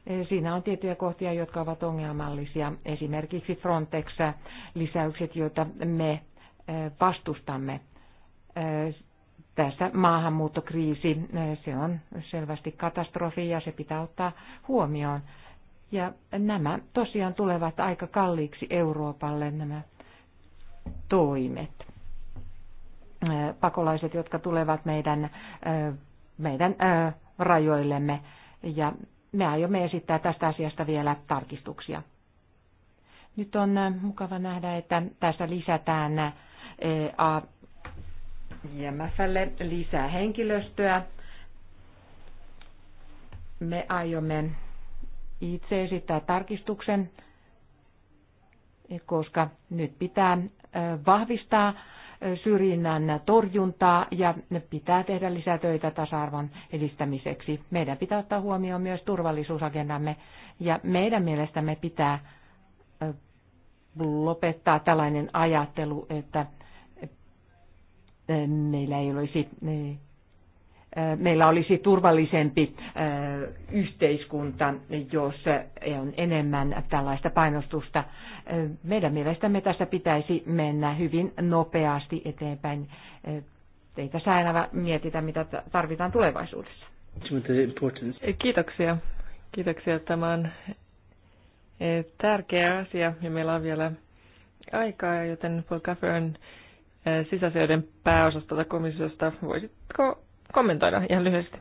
E, siinä on tiettyjä kohtia, jotka ovat ongelmallisia, esimerkiksi Frontex-lisäykset, joita me e, vastustamme. E, tässä maahanmuuttokriisi, se on selvästi katastrofi ja se pitää ottaa huomioon. Ja nämä tosiaan tulevat aika kalliiksi Euroopalle nämä toimet pakolaiset, jotka tulevat meidän, meidän rajoillemme. Ja me aiomme esittää tästä asiasta vielä tarkistuksia. Nyt on mukava nähdä, että tässä lisätään IMFlle lisää henkilöstöä. Me aiomme itse esittää tarkistuksen, koska nyt pitää vahvistaa syrjinnän torjuntaa ja pitää tehdä lisää tasa-arvon edistämiseksi. Meidän pitää ottaa huomioon myös turvallisuusagendamme ja meidän mielestämme pitää lopettaa tällainen ajattelu, että meillä ei olisi meillä olisi turvallisempi yhteiskunta, jos on enemmän tällaista painostusta. Meidän mielestämme tässä pitäisi mennä hyvin nopeasti eteenpäin. Ei tässä aina mietitä, mitä tarvitaan tulevaisuudessa. Kiitoksia. Kiitoksia. Tämä on e, tärkeä asia ja meillä on vielä aikaa, joten Paul Caffern e, sisäasioiden pääosastolta komissiosta voisitko kommentoida ihan lyhyesti?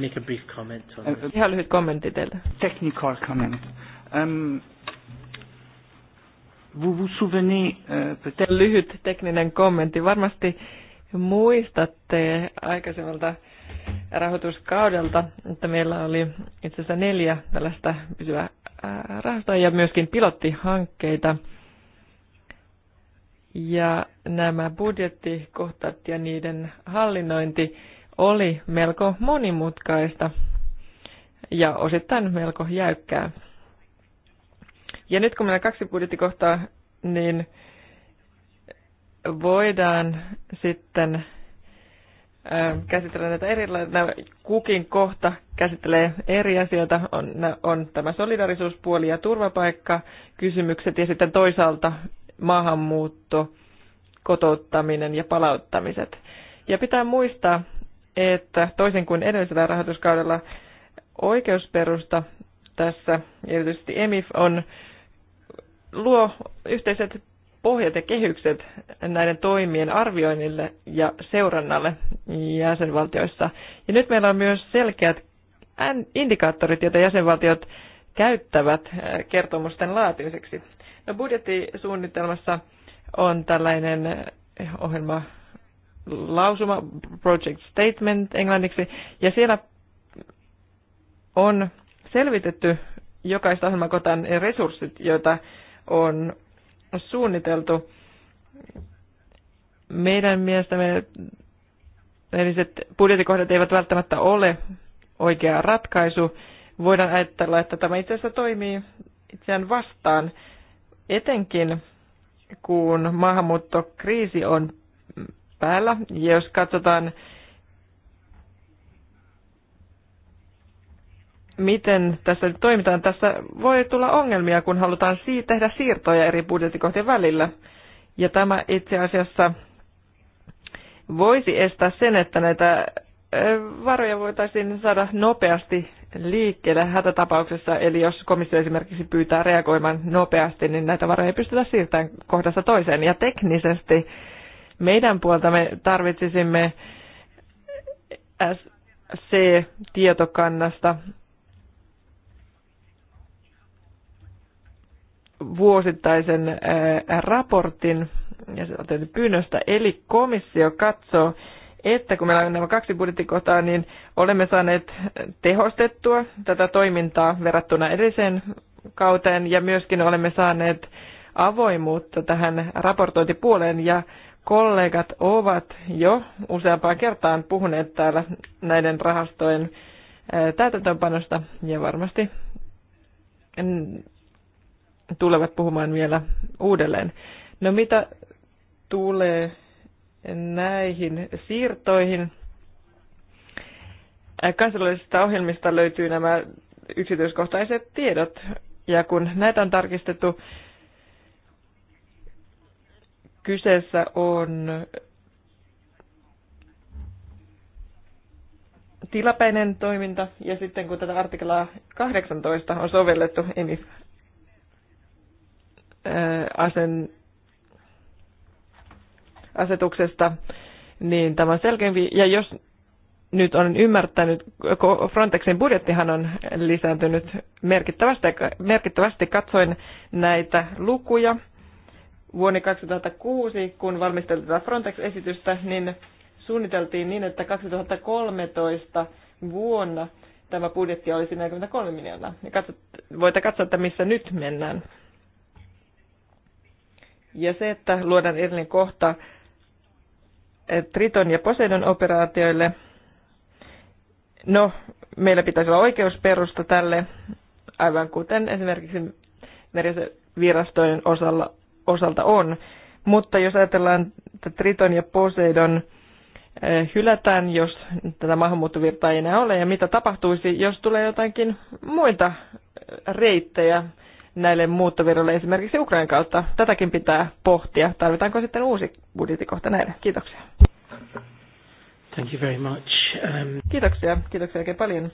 Make a brief comment on uh, uh, Ihan lyhyt kommentti teiltä. Technical comment. Um, vous vous souvenez, uh, lyhyt tekninen kommentti. Varmasti muistatte aikaisemmalta rahoituskaudelta, että meillä oli itse asiassa neljä tällaista pysyvää rahastoa ja myöskin pilottihankkeita. Ja nämä budjettikohtat ja niiden hallinnointi oli melko monimutkaista ja osittain melko jäykkää. Ja nyt kun meillä on kaksi budjettikohtaa, niin voidaan sitten käsitellä näitä erilaisia, kukin kohta käsittelee eri asioita, on, on tämä solidarisuuspuoli ja turvapaikka, kysymykset ja sitten toisaalta maahanmuutto, kotouttaminen ja palauttamiset. Ja pitää muistaa, että toisin kuin edellisellä rahoituskaudella oikeusperusta tässä, erityisesti EMIF, on luo yhteiset pohjat ja kehykset näiden toimien arvioinnille ja seurannalle jäsenvaltioissa. Ja nyt meillä on myös selkeät indikaattorit, joita jäsenvaltiot käyttävät äh, kertomusten laatimiseksi. No budjettisuunnitelmassa on tällainen äh, ohjelma lausuma, project statement englanniksi, ja siellä on selvitetty jokaista ohjelmakotan resurssit, joita on suunniteltu. Meidän mielestämme erilliset budjetikohdat eivät välttämättä ole oikea ratkaisu. Voidaan ajatella, että tämä itse asiassa toimii itseään vastaan, etenkin kun maahanmuuttokriisi on päällä. Ja jos katsotaan, miten tässä nyt toimitaan, tässä voi tulla ongelmia, kun halutaan tehdä siirtoja eri budjettikohtien välillä. Ja tämä itse asiassa voisi estää sen, että näitä varoja voitaisiin saada nopeasti liikkeelle hätätapauksessa, eli jos komissio esimerkiksi pyytää reagoimaan nopeasti, niin näitä varoja ei pystytä siirtämään kohdasta toiseen. Ja teknisesti meidän puolta me tarvitsisimme SC-tietokannasta vuosittaisen äh, raportin ja se on pyynnöstä, eli komissio katsoo, että kun meillä on nämä kaksi budjettikohtaa, niin olemme saaneet tehostettua tätä toimintaa verrattuna edelliseen kauteen ja myöskin olemme saaneet avoimuutta tähän raportointipuoleen ja kollegat ovat jo useampaan kertaan puhuneet täällä näiden rahastojen täytäntöönpanosta ja varmasti tulevat puhumaan vielä uudelleen. No mitä tulee näihin siirtoihin? Kansallisista ohjelmista löytyy nämä yksityiskohtaiset tiedot ja kun näitä on tarkistettu, Kyseessä on tilapäinen toiminta ja sitten kun tätä artiklaa 18 on sovellettu EMIF asen, asetuksesta, niin tämä on selkeämpi. Ja jos nyt on ymmärtänyt, Frontexin budjettihan on lisääntynyt merkittävästi, merkittävästi katsoin näitä lukuja – vuonna 2006, kun valmisteltiin tätä Frontex-esitystä, niin suunniteltiin niin, että 2013 vuonna tämä budjetti olisi 43 miljoonaa. voitte katsoa, että missä nyt mennään. Ja se, että luodaan erillinen kohta eh, Triton ja Poseidon operaatioille, no, meillä pitäisi olla oikeusperusta tälle, aivan kuten esimerkiksi virastojen osalla osalta on. Mutta jos ajatellaan, että Triton ja Poseidon eh, hylätään, jos tätä maahanmuuttovirtaa ei enää ole, ja mitä tapahtuisi, jos tulee jotakin muita eh, reittejä näille muuttovirroille esimerkiksi Ukrainan kautta. Tätäkin pitää pohtia. Tarvitaanko sitten uusi budjettikohta näille? Kiitoksia. Thank you very much. Um... Kiitoksia. Kiitoksia oikein paljon.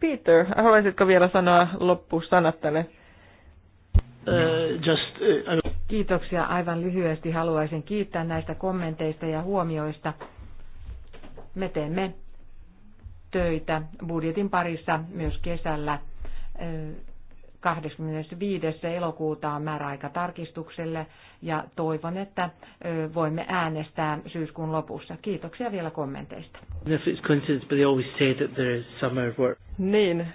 Peter, haluaisitko vielä sanoa loppusanat tälle Uh, just, uh, Kiitoksia. Aivan lyhyesti haluaisin kiittää näistä kommenteista ja huomioista. Me teemme töitä budjetin parissa myös kesällä. 25. Uh, elokuuta on määräaika tarkistukselle ja toivon, että uh, voimme äänestää syyskuun lopussa. Kiitoksia vielä kommenteista. Niin,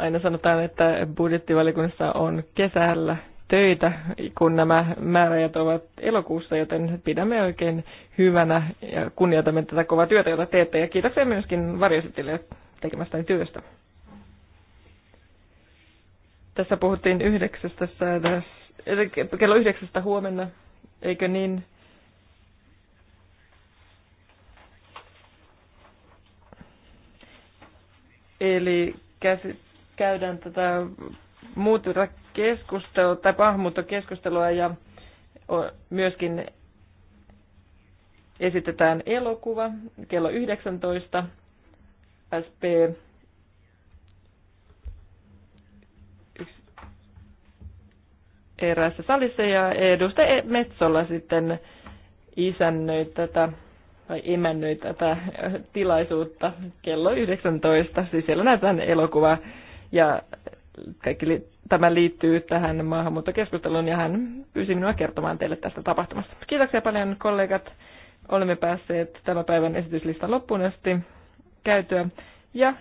aina sanotaan, että budjettivalikunnassa on kesällä töitä, kun nämä määräajat ovat elokuussa, joten pidämme oikein hyvänä ja kunnioitamme tätä kovaa työtä, jota teette. Ja kiitoksia myöskin varjositille tekemästäni työstä. Tässä puhuttiin yhdeksästä kello yhdeksästä huomenna, eikö niin? Eli käsit käydään tätä muututa keskustelua tai pahmuuttokeskustelua ja myöskin esitetään elokuva kello 19 SP eräässä salissa ja edustaja e. Metsolla sitten isännöi tätä tai emännöi tätä tilaisuutta kello 19. Siis siellä näytetään elokuvaa. Ja kaikki li- tämä liittyy tähän maahanmuuttokeskusteluun ja hän pyysi minua kertomaan teille tästä tapahtumasta. Kiitoksia paljon kollegat. Olemme päässeet tämän päivän esityslistan loppuun asti käytyä. Ja